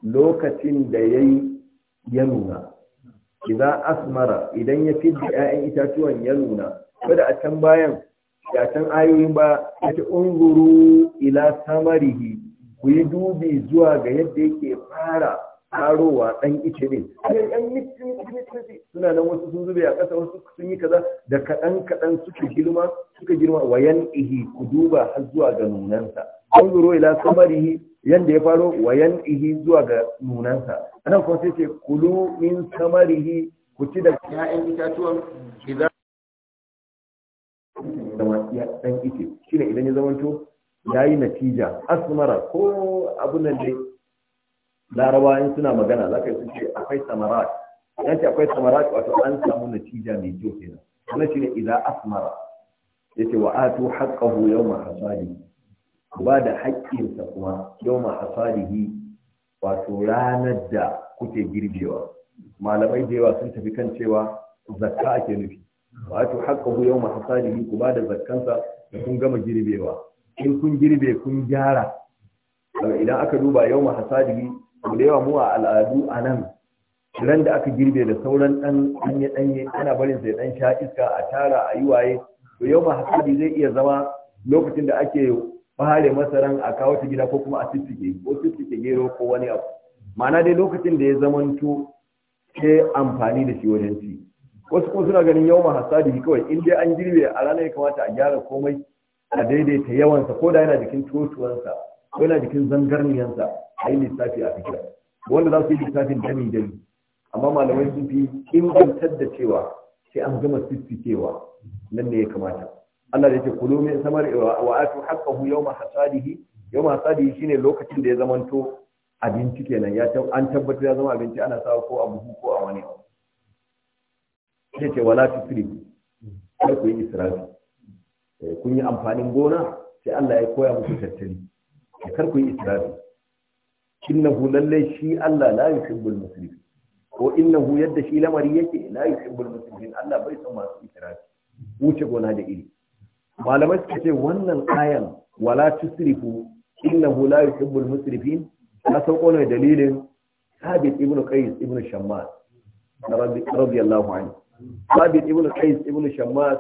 lokacin da yayi ya nuna idza asmara idan ya fi da 'ya'yan itatuwan ya nuna kada a can bayan da can ayoyin ba ya ci unguru ila samarihi ku yi dubi zuwa ga yadda yake fara karowa ɗan ice ne yan ɗan mitsi suna nan wasu sun zube a ƙasa wasu sun yi kaza da kaɗan kaɗan suka girma suka girma wayan ihi ku duba har zuwa ga nunansa an zuro ila samarihi yanda ya faro wayan ihi zuwa ga nunansa anan kuma sai ce kulu min samarihi ku ci da ƴaƴan itatuwan idan ya dan ice shine idan ya zamanto yayi natija asmara ko abun nan dai larawa in suna magana za ka yi su ce akwai samarat Ya ce akwai samarat wato an samu natija mai kyau kenan wannan shine idza asmara yace wa atu haqqahu yawma hasadihi ba da haƙƙinsa kuma yawma hasadihi wato ranar da kuke girbewa malamai da yawa sun tafi kan cewa zakka ake nufi wato haqqahu yawma hasadihi ku ba da zakkansa da kun gama girbewa in kun girbe kun gyara idan aka duba yawma hasadihi da yawa mu a al'adu a nan ran da aka girbe da sauran ɗan ɗanye-ɗanye ana barin sai ɗan sha iska a tara a yi waye to yau ma hasadi zai iya zama lokacin da ake fare masaran a kawo ta gida ko kuma a siffike ko siffike gero ko wani abu ma'ana dai lokacin da ya zamanto ke amfani da shi wajen ci wasu kuma suna ganin yau ma hasadi kawai in dai an girbe a ranar ya kamata a gyara komai a daidaita yawansa ko da yana jikin totuwansa ko yana jikin zangarniyansa a yi lissafi a fikira wanda za su yi lissafin dami dami amma malamai sun fi ingantar da cewa sai an gama sissikewa nan ne ya kamata Allah da ce kulu min samar wa atu haqqahu yawma hasadihi yawma hasadihi shine lokacin da ya zamanto abinci kenan ya an tabbatar ya zama abinci ana sawa ko a buhu ko a wani sai ce wala tusrif kar ku yi israfi eh, kun yi amfanin gona sai Allah ya koya muku tattali kar ku yi israfi innahu lallai shi Allah la yuhibbul muslimin ko innahu yadda shi lamari yake la yuhibbul muslimin Allah bai son masu itirafi wuce gona da iri malamai suka ce wannan ayan wala tusrifu innahu la yuhibbul musrifin ta sauko ne dalilin sabit ibnu qais ibnu shammas radiyallahu anhu sabit ibnu qais ibnu shammas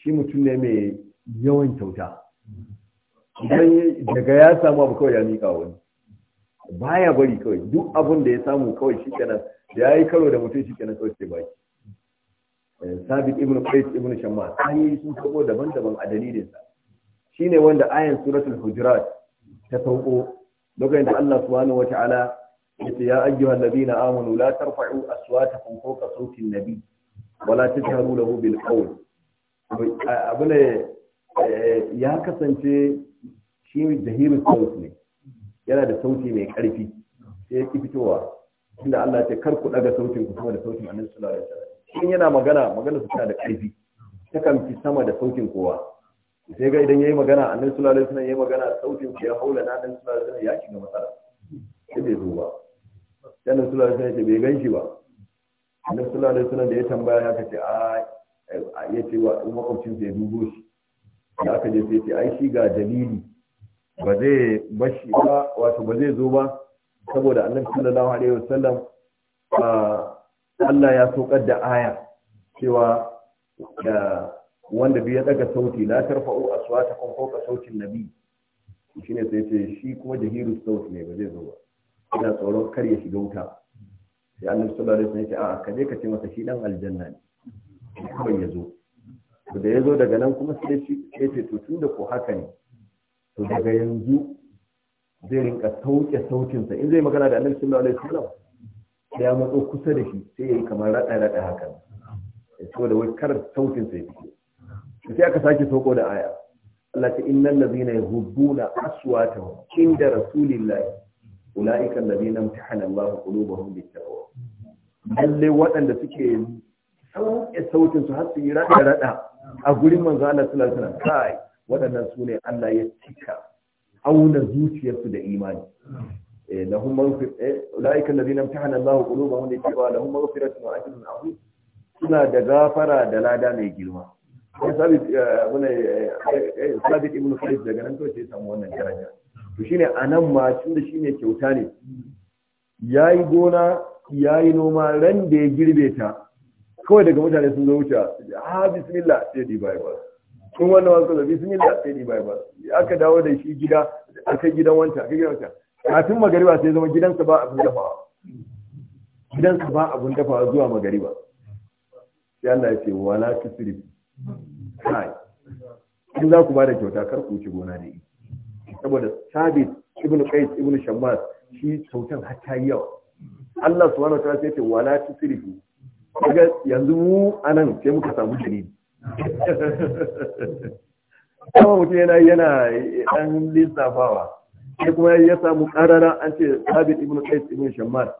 shi mutum ne mai yawan kyauta idan daga ya samu abu kawai ya mika wani baya bari kawai duk abin da ya samu kawai shi kenan da ya yi karo da mutum shi kenan kawai sai baki eh, sabit ibn qais ibn shamma yi sun sako daban-daban a dalilin sa shine wanda ayan suratul hujurat ta sauko lokacin da Allah subhanahu wataala yace ya ayyuhal ladina amanu la tarfa'u aswatakum fawqa sawti an-nabi wala tajharu lahu bil qawl abune eh, ya kasance shi zahirul sawt ne yana da sauti mai ƙarfi. sai ya ki fitowa inda Allah ce kar ku daga sautin ku sama da sautin annabi sallallahu alaihi wasallam in yana magana magana su tana da ƙarfi. ta kan fi sama da sautin kowa sai ga idan yayi magana annabi sallallahu alaihi wasallam yayi magana sautin ya haula na annabi sallallahu alaihi wasallam ya shiga matsala sai bai zo ba sai annabi sallallahu alaihi wasallam bai ganshi ba annabi sallallahu alaihi wasallam da ya tambaya ya kace a ya ce wa makwabcin sai dubo shi da aka je sai ce ai shi ga dalili ba zai bashi ba wato ba zai zo ba saboda annabi sallallahu alaihi wasallam Allah ya saukar da aya cewa da wanda biyu ya daga sauti la tarfa'u aswatakum fawqa sautin nabi shine sai ce shi kuma jahiru sauti ne ba zai zo ba ina tsoron kar ya shiga wuta sai annabi sallallahu alaihi wasallam ya ce a'a ka je ka ce masa shi dan aljanna ne kuma ya zo da ya zo daga nan kuma sai shi ce to tunda ko haka ne to daga yanzu zai rinka sauke sautinsa in zai magana da annabi sallallahu alaihi wasallam sai ya matso kusa da shi sai yayi kamar rada rada haka saboda wai kar sautinsa ya fito sai aka sake sauko da aya Allah ta innal ladhina yuhibbuna aswatahum inda rasulillah ulaika alladhina imtahana Allah qulubahum bittaqwa lalle waɗanda suke sauke sautin su har su yi rada rada a gurin manzo Allah sallallahu alaihi wasallam kai waɗannan su ne Allah ya cika auna zuciyarsu da imani eh, lahum maghfir eh, ulaika alladhina imtahana Allahu qulubahum litaqwa lahum maghfiratun wa ajrun azim suna da gafara da lada mai girma sai sabit eh, abuna sabit ibn Khalid daga nan to sai samu wannan daraja to shine anan ma shi shine kyauta ne yayi gona yayi noma ran da ya girbe ta kawai daga mutane sun zo wuce ha ah, bismillah sai di bai ba kun wannan wasu zabi sun yi da sai ne bai ba aka dawo da shi gida aka gidan wanta aka gidan wanta kafin magariba sai zama gidansa ba abin dafawa gidansa ba abin dafawa zuwa magariba sai Allah ya ce wala tusrif kai in za ku ba da kyauta kar ku ci gona ne saboda sabit ibnu qais ibnu shammas shi Sautan har ta yi yawa Allah subhanahu wa ta'ala sai ce wala tusrifu kaga yanzu mu anan sai muka samu dalili kuma mutum yana yana ɗan lissafawa sai kuma ya samu ƙarara an ce sabit ibn qais ibn shammar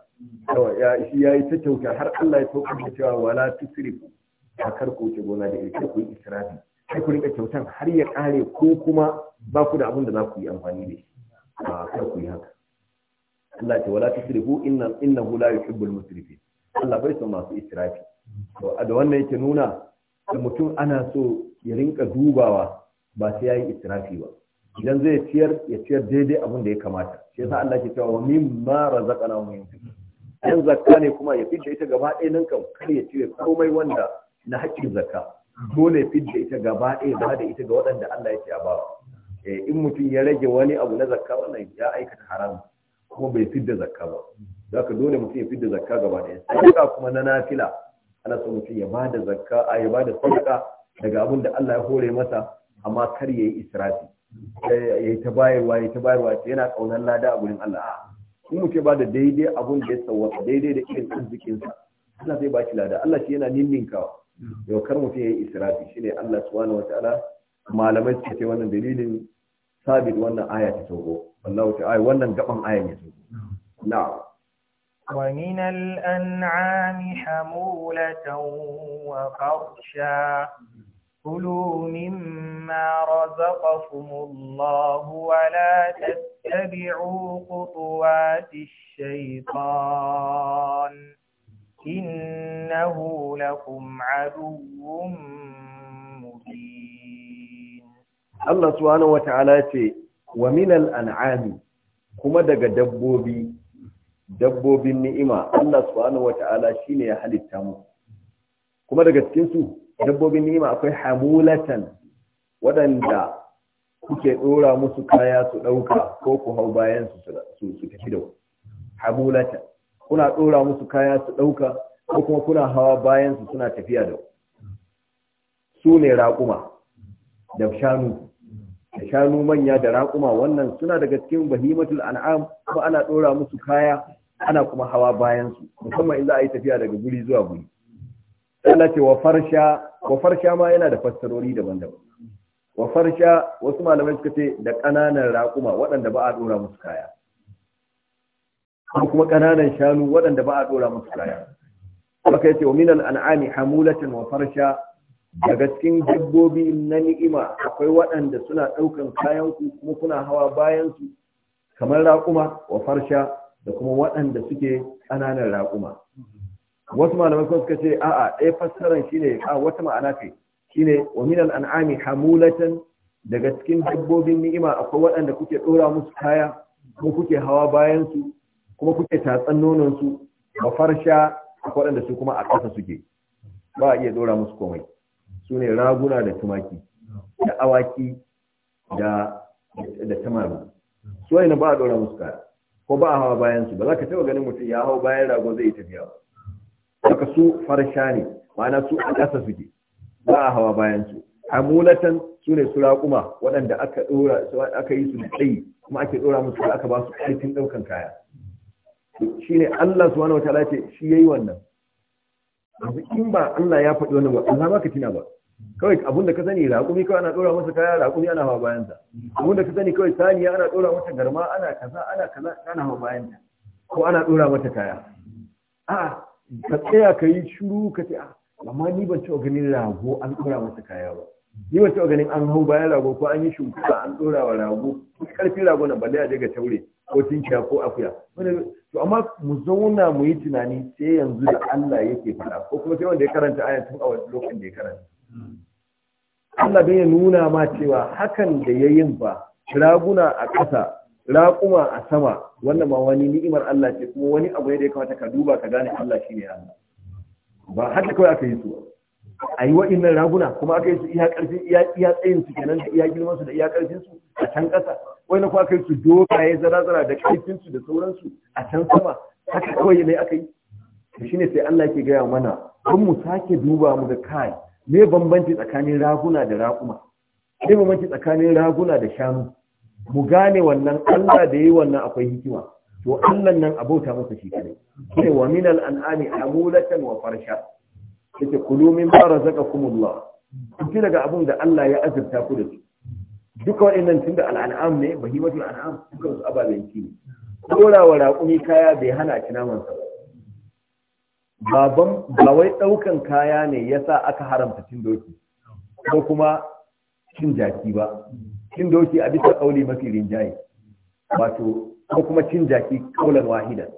ya shi yayi ta kyauta har Allah ya tauka da cewa wala tusrifu a kar ce gona da ita ku yi israfi sai ku rika kyautan har ya ƙare ko kuma ba ku da abin da za ku yi amfani da shi a kar ku yi haka Allah ce wala tusrifu inna innahu la yuhibbul musrifin Allah bai son masu israfi to da wannan yake nuna da mutum ana so ya rinka dubawa ba sai yi israfi ba idan zai ciyar ya ciyar daidai abin da ya kamata shi yasa Allah ke cewa mara razaqana mu yunfiq yan zakka ne kuma ya fidda ita gaba ɗaya nan kan kar ya cire komai wanda na haƙƙin zakka dole fidda ita gaba ɗaya ba da ita ga waɗanda Allah ya ce a bawa eh, in mutum ya rage wani abu na zakka wannan ya aikata haram kuma bai fidda zakka ba zaka dole mutum ya fidda zakka gaba ɗaya sai kuma na nafila ana so mutum ya ba da zakka a ya ba da sadaka daga abin da Allah ya hore masa amma kar ya yi israfi eh, ya ta bayarwa ya ta bayarwa yana kaunar lada a gurin Allah a in mutum ba da daidai abun da ya sawwaka daidai da irin arzikinsa Allah zai ba shi lada Allah shi yana ninninka yau kar mutum ya yi israfi shine Allah subhanahu wataala malamai suka ce wannan dalilin sabit wannan aya ta sauko wallahu ta'ala wannan gaban ayan ya sauko na'am ومن الأنعام حمولة وفرشا كلوا مما رزقكم الله ولا تتبعوا خطوات الشيطان إنه لكم عدو مبين الله سبحانه وتعالى ومن الأنعام كما دق دبوبي dabbobin ni'ima Allah subhanahu wata'ala shine ya halitta mu kuma daga cikin dabbobin ni'ima akwai hamulatan waɗanda kuke ɗora musu kaya su ɗauka ko ku hau bayan su tafi da hamulatan kuna ɗora musu kaya su ɗauka ko kuma kuna hawa bayan su suna tafiya da su ne raƙuma da shanu da shanu manya da raƙuma wannan suna daga cikin bahimatul an'am kuma ana ɗora musu kaya ana kuma hawa bayan su musamman in za a yi tafiya daga guri zuwa guri Allah ce wa farsha wa farsha ma yana da fassarori daban-daban wa farsha wasu malamai suka ce da ƙananan raƙuma waɗanda ba a ɗora musu kaya kuma ƙananan shanu waɗanda ba a ɗora musu kaya haka yace wa minal an'ami hamulatan wa farsha daga cikin dabbobi na ni'ima akwai waɗanda suna ɗaukan kayanku kuma kuna hawa bayansu kamar raƙuma wa farsha da kuma waɗanda suke ƙananan raƙuma wasu malamai kuma suka ce a'a ɗaya eh, fassaran shine a wata ma'ana ce shine wa minal an'ami hamulatan daga cikin dabbobin ni'ima akwai waɗanda kuke ɗora musu kaya kuma kuke hawa bayan su kuma kuke tatsan nonon su ba farsha akwai waɗanda su kuma a ƙasa suke ba a iya ɗora musu komai su ne raguna da tumaki da awaki da da tamaru su ne ba a ɗora musu kaya ko ba a hawa bayan su ba za ka taɓa ganin mutum ya hau bayan rago zai tafiya ba haka su farsha ne ma'ana su a ƙasa suke ba a hawa bayan su hamulatan su ne su raƙuma waɗanda aka ɗora aka yi su da tsayi kuma ake ɗora musu aka ba su ƙarfin ɗaukan kaya shi ne Allah subhanahu wa ta'ala ce shi yayi wannan in ba Allah ya faɗi wannan ba Allah ba ka tina ba kawai abun da ka sani raƙumi kawai ana ɗora masa kaya raƙumi ana hawa ta Abun da ka sani kawai saniya ana ɗora mata garma ana kaza ana kaza ana hawa bayanta ko ana ɗora mata kaya a ka tsaya ka yi shiru ka ce ah, amma ni ban taɓa ganin rago an ɗora mata kaya ba ni ban taɓa ganin an hau bayan rago ko an yi shimfiɗa an ɗora wa rago ƙarfin rago na balle a je ga taure ko tinkiya ko akuya to amma mu zauna mu yi tunani sai yanzu da Allah yake faɗa ko kuma sai wanda ya karanta ayatun a wani lokacin da ya karanta Allah bai nuna ma cewa hakan da ya yin ba raguna a ƙasa raƙuma a sama wannan ma wani ni'imar Allah ce kuma wani abu ne da ya kamata ka duba ka gane Allah shine Allah ba har da kawai aka yi su a yi wa'innan raguna kuma aka yi su iya ƙarfin iya tsayin su kenan da iya girman su da iya ƙarfin su a can ƙasa wai na kuma aka yi su dokaye zara-zara da ƙarfin su da sauransu a can sama haka kawai ne aka yi Shi ne sai Allah ke gaya mana kun mu sake duba mu ga kai me bambanci tsakanin raguna da raƙuma me bambanci tsakanin raguna da shanu mu gane wannan Allah da yi wannan akwai hikima to Allah nan abauta masa shi kadai sai wa min al-an'ami amulatan wa farsha kace kulu min ma razaqakumullah kun daga abun da Allah ya azurta ku da su duka wa'annan tunda an'am ne bahimatul an'am duka su ababen ne Korawa raƙumi kaya bai hana a sa ba baban ba wai ɗaukan kaya ne ya sa aka haramta cin doki ko kuma cin jaki ba cin doki a bisa ƙauli mafi rinjaye wato ko kuma cin jaki ƙaunar wahida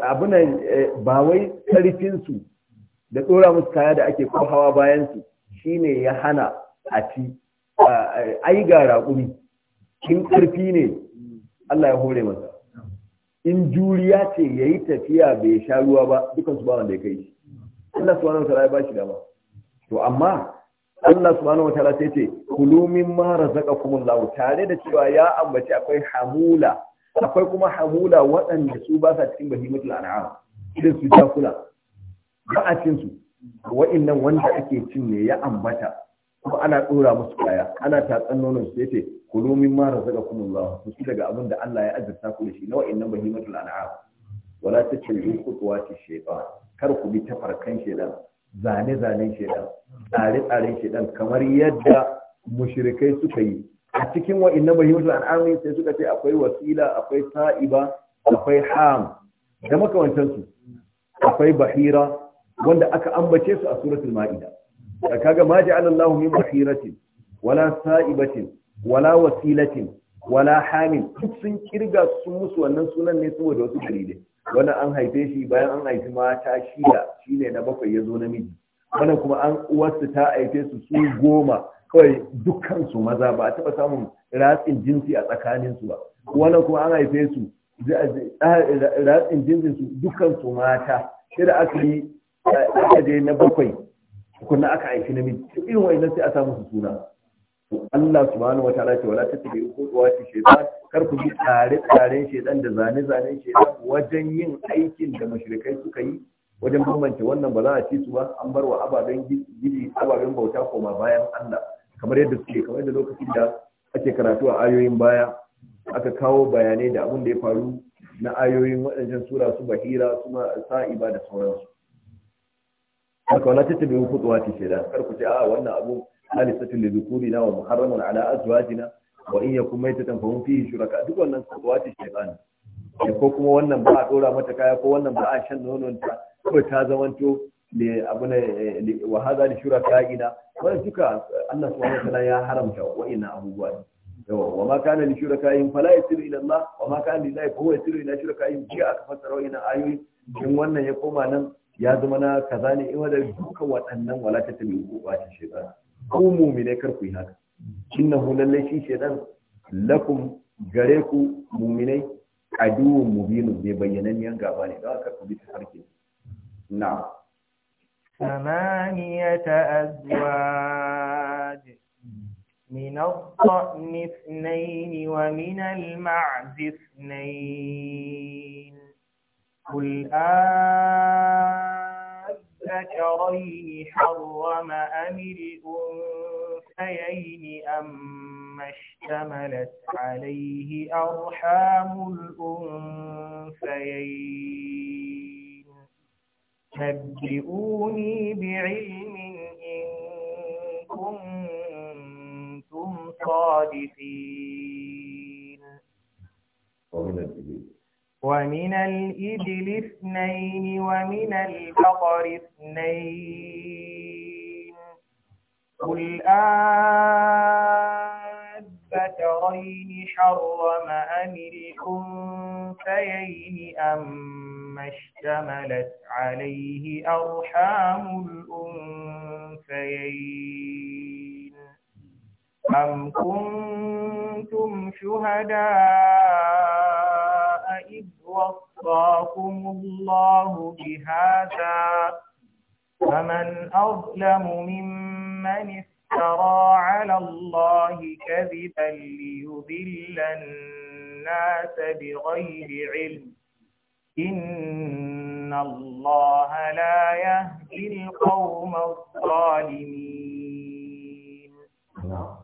abunan eh, ba wai ƙarfinsu da ɗora musu kaya da ake ko hawa bayansu shine ya hana a ci ai ga raƙumi kin ƙarfi ne Allah ya hore masa in juriya ce ya yi tafiya bai sha ruwa ba dukkan su ba wanda ya kai shi Allah subhanahu ta'ala ya bashi dama to amma Allah subhanahu ta'ala sai ce kulu ma razaqakumullah tare da cewa ya ambaci akwai hamula akwai kuma hamula waɗanda su ba sa cikin bahimatul an'am idan su kula ba a cin su wa'annan wanda ake cin ne ya ambata kuma ana dora musu kaya ana tatsan nonon su ce kulu mimma razaqakumullah ku ci daga abin da Allah ya azurta ku da shi na wa'annan bahimatul an'am wala tattabi'u khutuwati shaytan kar ku bi tafarkan shaytan zane zane shaytan tsare tsare shaytan kamar yadda mushrikai suka yi a cikin wa'annan bahimatul an'am sai suka ce akwai wasila akwai sa'iba akwai ham da makamantansu akwai bahira wanda aka ambace su a suratul ma'ida kaga ma ja'ala Allahu min bahiratin wala sa'ibatin wala wasilatin wala hamil duk sun kirga sun musu wannan sunan ne saboda wasu dalilai wani an haife shi bayan an haifi mata shida ne na bakwai ya zo namiji Wani kuma an uwarsu ta haife su su goma kawai dukkan su maza ba a taɓa samun ratsin jinsi a tsakanin su ba Wani kuma an haife su ratsin jinsi su dukkan su mata shi da aka yi aka je na bakwai kuna aka haifi namiji irin wa'annan sai a samu su suna to Allah subhanahu wataala ce wala tattabi khutuwati shaytan kar ku bi tsare tsaren shaytan da zane zane shaytan wajen yin aikin da mushrikai suka yi wajen bambance wannan ba za a ci su ba an bar wa ababen gidi ababen bauta koma bayan Allah kamar yadda suke kamar yadda lokacin da ake karatu a ayoyin baya aka kawo bayanai da abin da ya faru na ayoyin waɗancan sura su bahira su sa'iba da sauransu haka wala tattabi khutuwati shaytan kar ku ce a wannan abu halisatin da zukuri na wa muharramun ala jina wa in yakun maitatan fa hum fihi shuraka duk wannan kawati shaytan ko kuma wannan ba a ɗora mata kaya ko wannan ba a shan nonon ta ko ta zamanto ne abu ne wahala da li shuraka ina wannan duka Allah subhanahu wataala ya haramta wa ina abubuwa yawa wa ma kana li shurakaihim fala yasiru ila Allah wa ma kana lillahi fa huwa yasiru ila shurakaihim ji aka fassara wannan ayoyi in wannan ya koma nan ya zama na kaza ne in wanda dukkan waɗannan wala ta tabi ko ba ta shaytan ku mu'mine kar ku yi haka innahu lallai shi shaytan lakum gare ku mu'minai aduwwun mubinun bai bayyananniyan gaba ne don haka ku bi tafarki na ثمانية أزواج من الضأن اثنين ومن المعز اثنين قل آه الذكرين حرم أم الأنثيين أم اشتملت عليه أرحام الأنثيين نبئوني بعلم إن كنتم صادقين ومن الإبل اثنين ومن البقر اثنين قل أذكرين حرم أم الأنثيين أم اشتملت عليه أرحام الأنثيين أم كنتم شهداء إذ وصاكم الله بهذا فمن أظلم ممن افترى على الله كذبا ليضل الناس بغير علم إن الله لا يهدي القوم الظالمين نعم.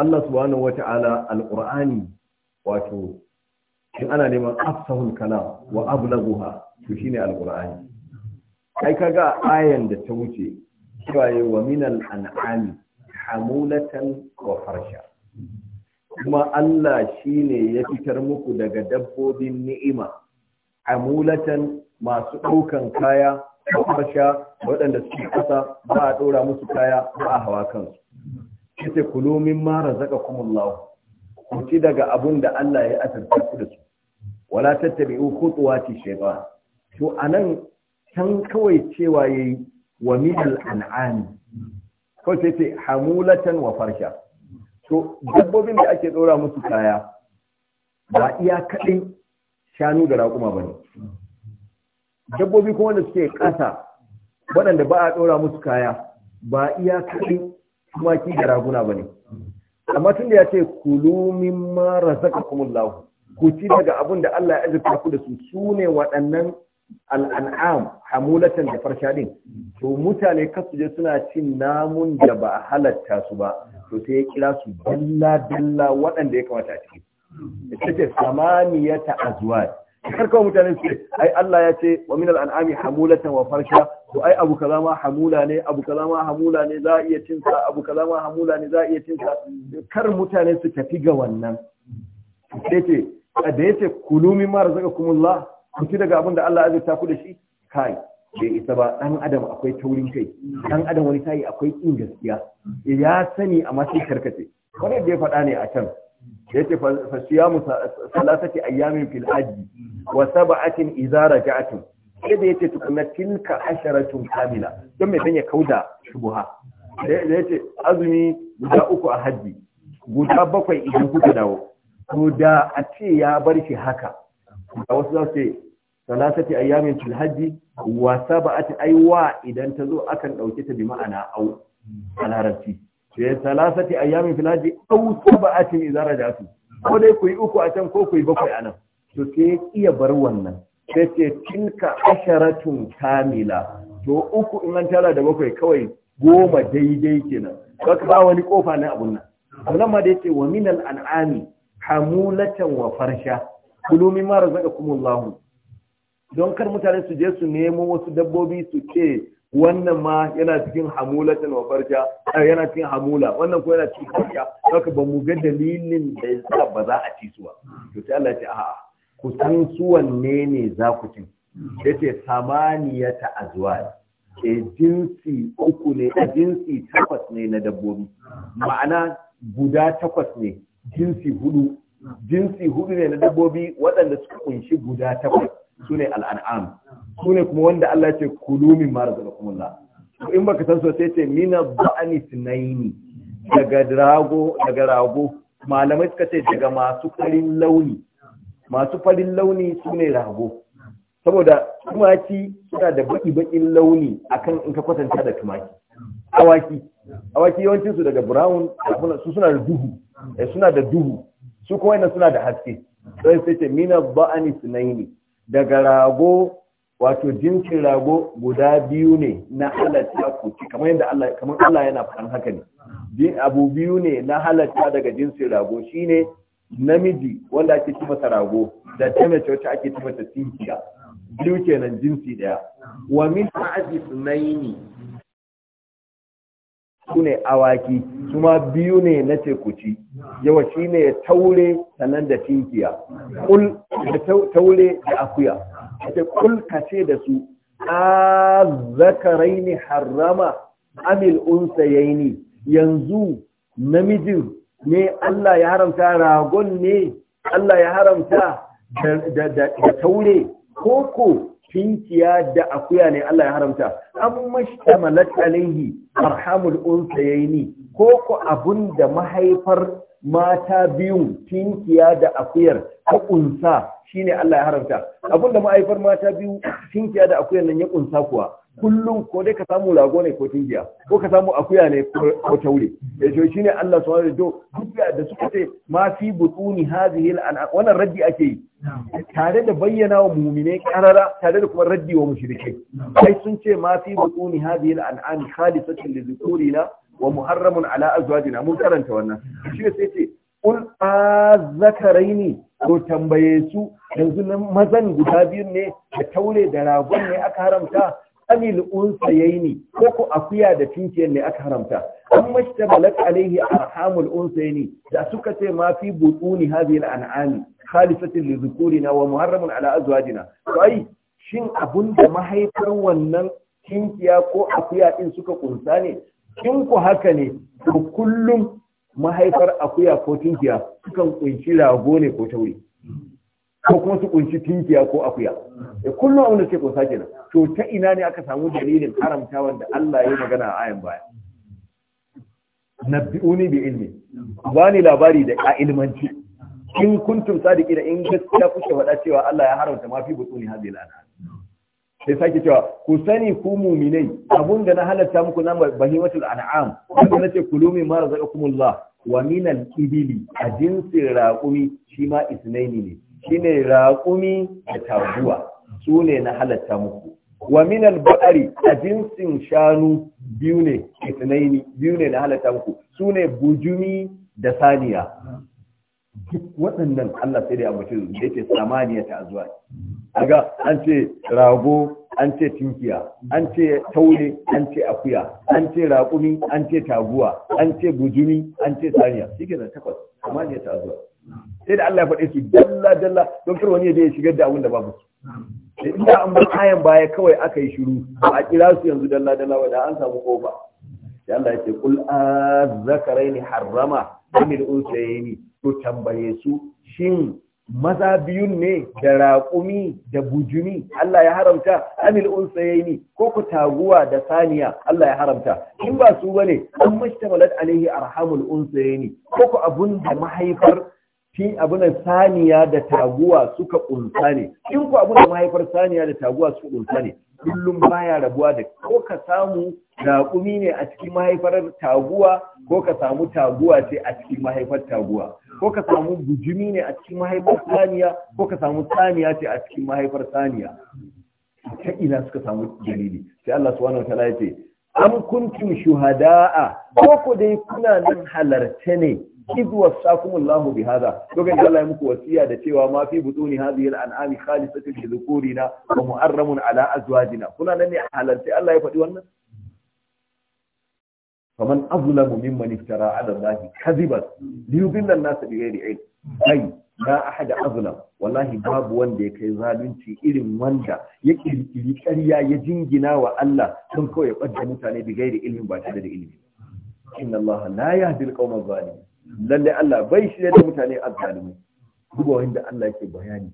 الله سبحانه وتعالى القرآن وأتوب Shin ana neman afsahul kalam wa ablaguha to shine alqur'ani ai kaga ayan da ta wuce cewa wa minal an'ami hamulatan wa farsha kuma Allah shine ya fitar muku daga dabbobin ni'ima hamulatan masu ɗaukan kaya da farsha waɗanda suke kasa ba a ɗora musu kaya ba a hawa kansu yace kulu mimma razaqakumullah ku ci daga abun da Allah ya azurta ku da su wala tattabi'u khutuwati shaytan to anan san kawai cewa yayi wa min al-an'am ko sai ce hamulatan wa farsha to dabbobin da ake dora musu kaya ba iya kadin shanu da raƙuma bane dabbobi kuma da suke ƙasa waɗanda ba a ɗora musu kaya ba iya kaɗi tumaki da raguna ba ne amma tun da ya ce kulu mimma razaka ku ci daga abin da Allah ya azurta ku da su su ne waɗannan al'an'am hamulatan da farshadin to mutane kasu je suna cin namun da ba a halatta su ba to sai ya kira su dalla dalla waɗanda ya kamata a ciki ita ce samaniya ta azwaj karka mutane su ai Allah ya ce wa min al'an'ami hamulatan wa farsha to ai abu kaza ma hamula ne abu kaza ma hamula ne za a iya cin sa abu kaza ma hamula ne za a iya cin sa kar mutane su tafi ga wannan sai ce da yace kulumi mimma razaqakumullah ku ci daga abin da Allah ya azurta ku da shi kai bai isa ba ɗan adam akwai taurin kai dan adam wani tayi akwai kin gaskiya ya sani a sai karkace wani da ya faɗa ne a can yace fa siyamu salatati ayyamin fil hajji wa sab'atin idza raja'tum sai da yace tukunna tilka asharatun kamila don me dan ya kauda shubuha da yace azumi guda uku a hajji guda bakwai idan kuka dawo da a ce ya bar shi haka a wasu za su ce salasati ayyamin ba a wa ai wa idan ta zo akan ɗauke ta bi ma'ana au a larabci sai salasati ayyamin fil hajji au zara da su. ko dai ku yi uku a can ko ku yi bakwai a nan to sai iya bar wannan sai ce tilka asharatun kamila to uku in an tara da bakwai kawai goma daidai kenan ba wani kofa na abun nan ma dai yace wa minal an'ami hamulatan wa farsha mara mimma razaqakumullahu don kar mutane su je su nemo wasu dabbobi su ce wannan ma yana cikin hamulatan wa farsha yana cikin hamula wannan ko yana cikin farsha haka ba mu ga dalilin da ya sa ba za a ci su ba to sai Allah ya ce a'a ku san su wanne ne za ku ci yace samaniyata azwaj e jinsi uku ne a jinsi takwas ne na dabbobi ma'ana guda takwas ne jinsi hudu jinsi hudu ne na dabbobi waɗanda suka kunshi guda takwas su ne al'an'am su ne kuma wanda Allah ce kulumi mara zana kumulla in baka san sosai ce mina ba'ani sinaini daga rago daga rago malamai suka ce daga masu farin launi masu farin launi su ne rago saboda tumaki suna da baki-bakin launi akan in ka kwatanta da tumaki awaki awaki yawancin su daga brown su suna da duhu eh suna da duhu su kuma yana suna da haske sai sai ce mina ba'ani sunaini daga rago wato jinsin rago guda biyu ne na halatta ku ci kamar yadda Allah kamar Allah yana faɗan haka ne din abu biyu ne na halatta daga jinsin rago shine namiji wanda ake ci masa rago da ta mace wacce ake ci masa tinkiya biyu kenan jinsi daya wa min ta'ati sunaini su ne awaki su ma biyu ne na tekuci yawa shi ne taure sannan da tinkiya kul da taure da akuya ita kul kace da su a zakarai ne harrama amil unsayaini yanzu namijin ne Allah ya haramta ragon ne Allah ya haramta da taure koko tinkiya da akuya ne Allah ya haramta an mashtamalat alaihi arhamul unsayaini ko ko abun da mahaifar mata biyu tinkiya da akuyar ta kunsa shine Allah ya haramta abun da mahaifar mata biyu tinkiya da akuyar nan ya kunsa kuwa kullum ko dai ka samu rago ne ko tingiya ko ka samu akuya ne ko taure da eh, to shine Allah subhanahu wa ta'ala da suka ce ma fi butuni hadhihi al'an wannan raddi ake yi tare da bayyana wa mu'mine karara tare da kuma raddi wa mushrike sai sun ce ma fi butuni hadhihi al'an khalisatan li dhukurina wa muharramun ala azwajina mun karanta wannan shi sai ce kul azzakaraini ko tambaye su yanzu na mazan guda biyu ne da taure da ragon ne aka haramta amil unsayaini ko ko akuya da tinkiyar ne aka haramta an mashta balak alaihi arhamul unsayaini da suka ce ma fi butuni hadhihi al'anami khalifatin li dhukurina wa muharramun ala azwajina to ai shin abunda mahaifar wannan tinkiya ko akuya din suka kunsa ne in ku haka ne to kullum mahaifar akuya ko tinkiya sukan kunshi rago ne ko tauri ko kuma su kunshi tinkiya ko akuya kullum abin da suke kunsa kenan to ta ina ne aka samu dalilin haramta wanda Allah ya yi magana a ayan baya nabbi'uni bi ilmi bani labari da a ilmanci in kuntum sadiqina in gaskiya kuke faɗa cewa Allah ya haramta mafi fi butuni hadhihi al sai sake cewa ku sani ku muminai abun da na halatta muku na bahimatul an'am wanda nace kulu min ma razaqakumullah wa min al-ibili a jinsin Raƙumi shi ma isnaini ne shine Raƙumi da tabuwa. su ne na halatta muku wa minal baari a jinsin shanu biyu ne itinaini biyu ne na halatanku, su sune bujumi da saniya duk waɗannan Allah sai da ambace da yake samaniya ta zuwa aga an ce rago an ce tinkiya an ce taune, an ce akuya an ce raƙumi an ce taguwa an ce bujumi an ce saniya shike nan takwas samaniya ta zuwa sai da Allah ya faɗe su dalla dalla don kar wani ya je ya shigar da abin da babu su da inda an bar ayan baya kawai aka yi shiru a kira su yanzu dalla dalla wa da an samu kofa sai Allah ya ce kul azzakaraini harrama amil usayni to tambaye su shin maza biyun ne da raƙumi da bujumi Allah ya haramta amil unsayni ko ku taguwa da saniya Allah ya haramta in ba su bane an mashtamalat alaihi arhamul unsayni ko ku abun da mahaifar shi abunan saniya da taguwa suka kunsa ne in ku abin mahaifar saniya da taguwa suka kunsa ne kullum baya rabuwa da ko ka samu raƙumi ne a cikin mahaifar taguwa ko ka samu taguwa ce a cikin mahaifar taguwa ko ka samu bujumi ne a cikin mahaifar saniya ko ka samu saniya ce a cikin mahaifar saniya ta ina suka samu dalili sai Allah subhanahu wa ta'ala ya ce am kuntum shuhada'a ko ku dai kuna nan halarce ne idu wasakumullahu bihada to kan Allah ya muku wasiya da cewa ma fi butuni hadhihi al-an'ami khalisatun li dhukurina wa muharramun ala azwajina kuna nan ne halalti Allah ya faɗi wannan faman azlamu mimman iftara ala Allahi kadhiban li yudilla an-nas bi ghairi ilm ay la ahad azlam wallahi babu wanda ya kai zalunci irin wanda ya kirkiri ƙarya ya jingina wa Allah don kawai ya ɓadda mutane bi ghairi ilmin ba tare da ilimi. inna Allah la yahdi al-qawma zalimin lalle Allah bai shi da mutane azzalimi duba da Allah yake bayani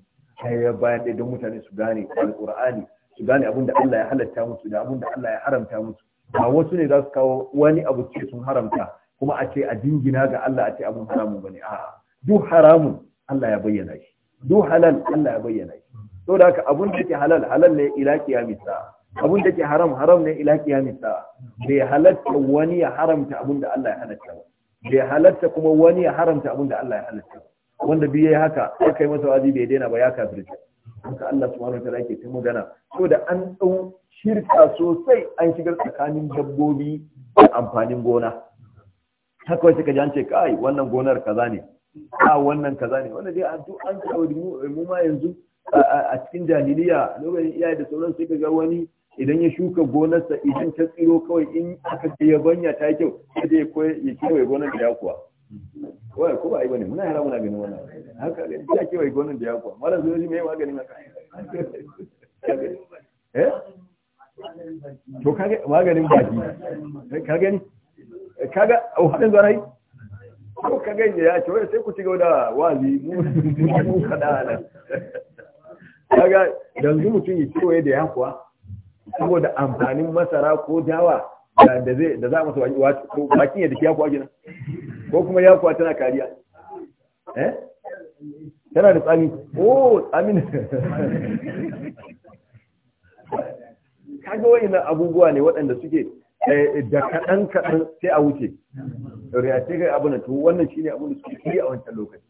ya bayan da mutane su gane alqur'ani su gane abin da Allah ya halatta musu da abin da Allah ya haramta musu ba wasu ne za su kawo wani abu ce sun haramta kuma a ce a jingina ga Allah a ce abin haramun bane a'a duk haramun Allah ya bayyana shi duk halal Allah ya bayyana shi saboda haka abin da yake halal halal ne ila kiyamisa abin da ke haram haram ne ila kiyamisa sa'a bai halatta wani ya haramta abin da Allah ya halatta ba bai halatta kuma wani ya haramta abin da Allah ya halatta wanda bi yayi haka aka kai masa wajibi bai daina ba ya kafirce haka Allah subhanahu ta'ala yake ta magana da an dau shirka sosai an shigar tsakanin dabbobi da amfanin gona haka wai suka ji an ce kai wannan gonar kaza ne a ah, wannan kaza ne wannan dai an an mu ma yanzu a cikin jahiliya lokacin iyaye da sauran sai ka ga wani idan ya shuka gonarsa idan ta tsiro kawai in aka ce yabanya ta kyau sai ya koyi ya kewaye gonar da yakuwa wai ko ba ai bane muna yara muna ganin wannan haka ne ya kewaye gonar da kuwa. malam sojoji mai maganin maka? eh to kage maganin baki ka gani kaga au hadin zarai ko ka ganye ya ce sai ku ci gaba da wazi mu kada nan kaga yanzu mutum ya kewaye da kuwa. saboda amfanin masara ko dawa da zai da za mu so ko bakin ya dake yakuwa ko kuma yakuwa tana kariya eh tana da tsami oh tsamin kaga wayannan abubuwa ne waɗanda suke eh, da kaɗan kaɗan sai a wuce ya ce kai abu na to wannan shine abu da suke a wancan lokaci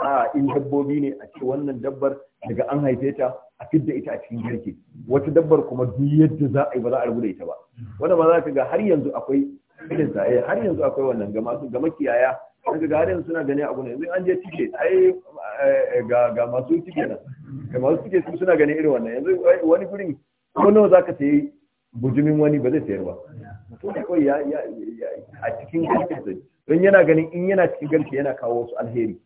a in dabbobi ne a ce wannan dabbar daga an haife ta a fidda ita a cikin garke wata dabbar kuma duk yadda za a yi ba za a rubuta ita ba wanda ba za ka ga har yanzu akwai irin sa eh har yanzu akwai wannan ga masu ga makiyaya daga ga har yanzu suna gani abu ne yanzu an je tike ai eh, ga ga masu tike nan ga masu tike su suna gani irin wannan yanzu eh, wani gurin ko nawa za ka sayi bujumin wani ba zai sayar ba to da kawai ya ya a cikin garke don yana ganin in yana cikin garke yana kawo wasu alheri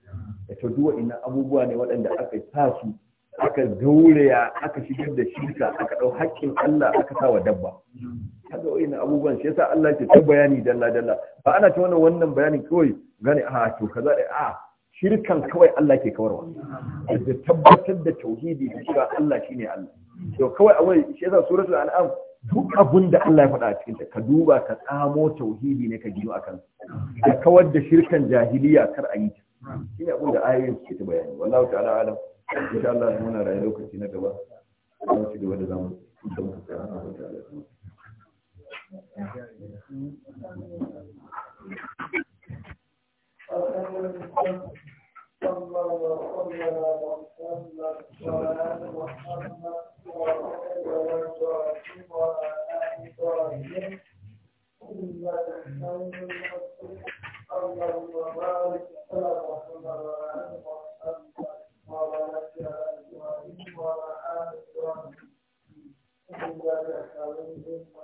to duk waɗannan abubuwa ne waɗanda aka sa su aka gauraya aka shigar da shirka aka dau hakkin Allah aka sa wa dabba kaga wayannan abubuwan shi yasa Allah ke ta bayani dalla dalla ba ana ta wannan wannan bayanin kawai gane a to kaza da a shirkan kawai Allah ke kawarwa da tabbatar da tauhidi da cewa Allah shine Allah to kawai awai shi yasa suratul an'am duk abun da Allah ya faɗa a cikinta ka duba ka tsamo tauhidi ne ka gino akan ka kawar da shirkan jahiliya kar a yi shine abun da ayoyin suke ta bayani wallahu ta'ala alam insha Allah ya muna rayu lokaci na gaba za ci gaba da zamu don ka ana wata alaƙa صلى الله عليه وسلم وعلى محمد وعلى ابراهيم وعلى ال ابراهيم اللهم بارك على محمد وعلى ال محمد Thank you.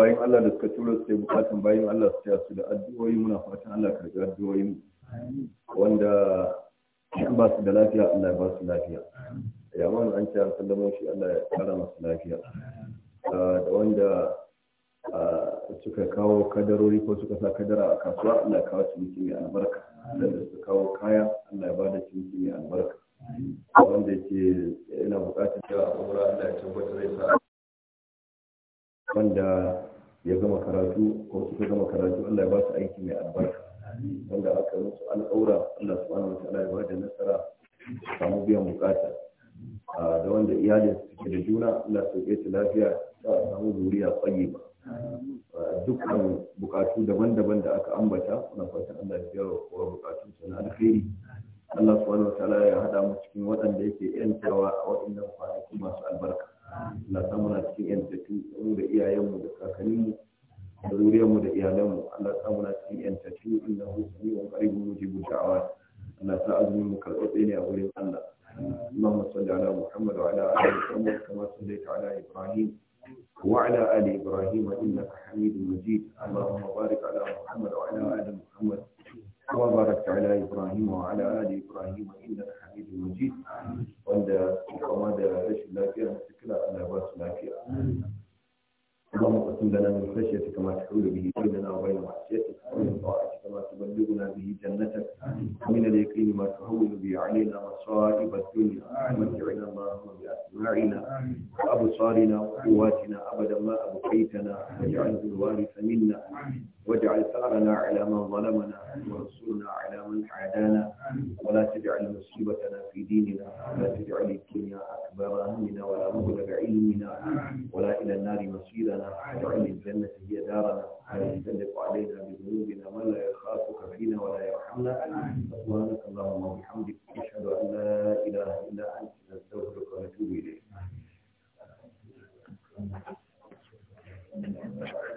bayan Allah da suka tura su sai bukatun bayan Allah su su da addu'o'i muna fatan Allah karbi addu'o'i wanda ba su da lafiya Allah ya ba su lafiya ya ma an ce an sallama shi Allah ya kara masu lafiya ah, da wanda ah, suka kawo kadarori ko suka sa kadara a kasuwa Allah ya kawo ciniki mai albarka da suka kawo kaya Allah ya bada ciniki mai albarka wanda yake yana bukatar cewa a Allah ya tabbatar da wanda ya gama karatu ko suka gama karatu Allah ya ba su aiki mai albarka wanda aka musu al'aura, Allah subhanahu wataala ya ba da nasara samu biyan bukata da wanda iyalin suke da juna Allah su ta lafiya ta samu zuriya tsayi ba dukkan bukatu daban-daban da aka ambata muna fatan Allah ya biya wa bukatun na alkhairi Allah subhanahu wataala ya hada mu cikin waɗanda yake yantawa a waɗannan kwanaki masu albarka Allah cikin yantattu mu da iyayenmu da kakanninmu da zuriyarmu da iyalanmu Allah ta na cikin yantattu inda husni wa qaribun mujibu da'awa Allah ta azumin mu karɓaɓɓe ne a wurin Allah اللهم صل على محمد وعلى ال محمد كما صليت على ابراهيم وعلى ال ابراهيم انك حميد مجيد اللهم ala على wa وعلى ال محمد وباركت على إبراهيم وعلى آل إبراهيم إنك حميد مجيد وأنت كما دعش لك سكلا على باس لك اللهم اقسم لنا من خشيتك ما تحول به بيننا وبين معصيتك ومن طاعتك ما تبلغنا به جنتك ومن اليقين ما تهون به علينا مصائب الدنيا ومتعنا اللهم باسماعنا وابصارنا وقواتنا ابدا ما ابقيتنا واجعله الوارث منا واجعل ثأرنا على من ظلمنا وانصرنا على من عادانا ولا تجعل مصيبتنا في ديننا ولا تجعل الدنيا أكبر همنا ولا مبلغ علمنا ولا إلى النار مصيرنا واجعل الجنة هي دارنا ولا تسلط علينا بذنوبنا من لا يخافك فينا ولا يرحمنا سبحانك اللهم وبحمدك أشهد أن لا إله إلا أنت نستغفرك ونتوب إليك Thank you.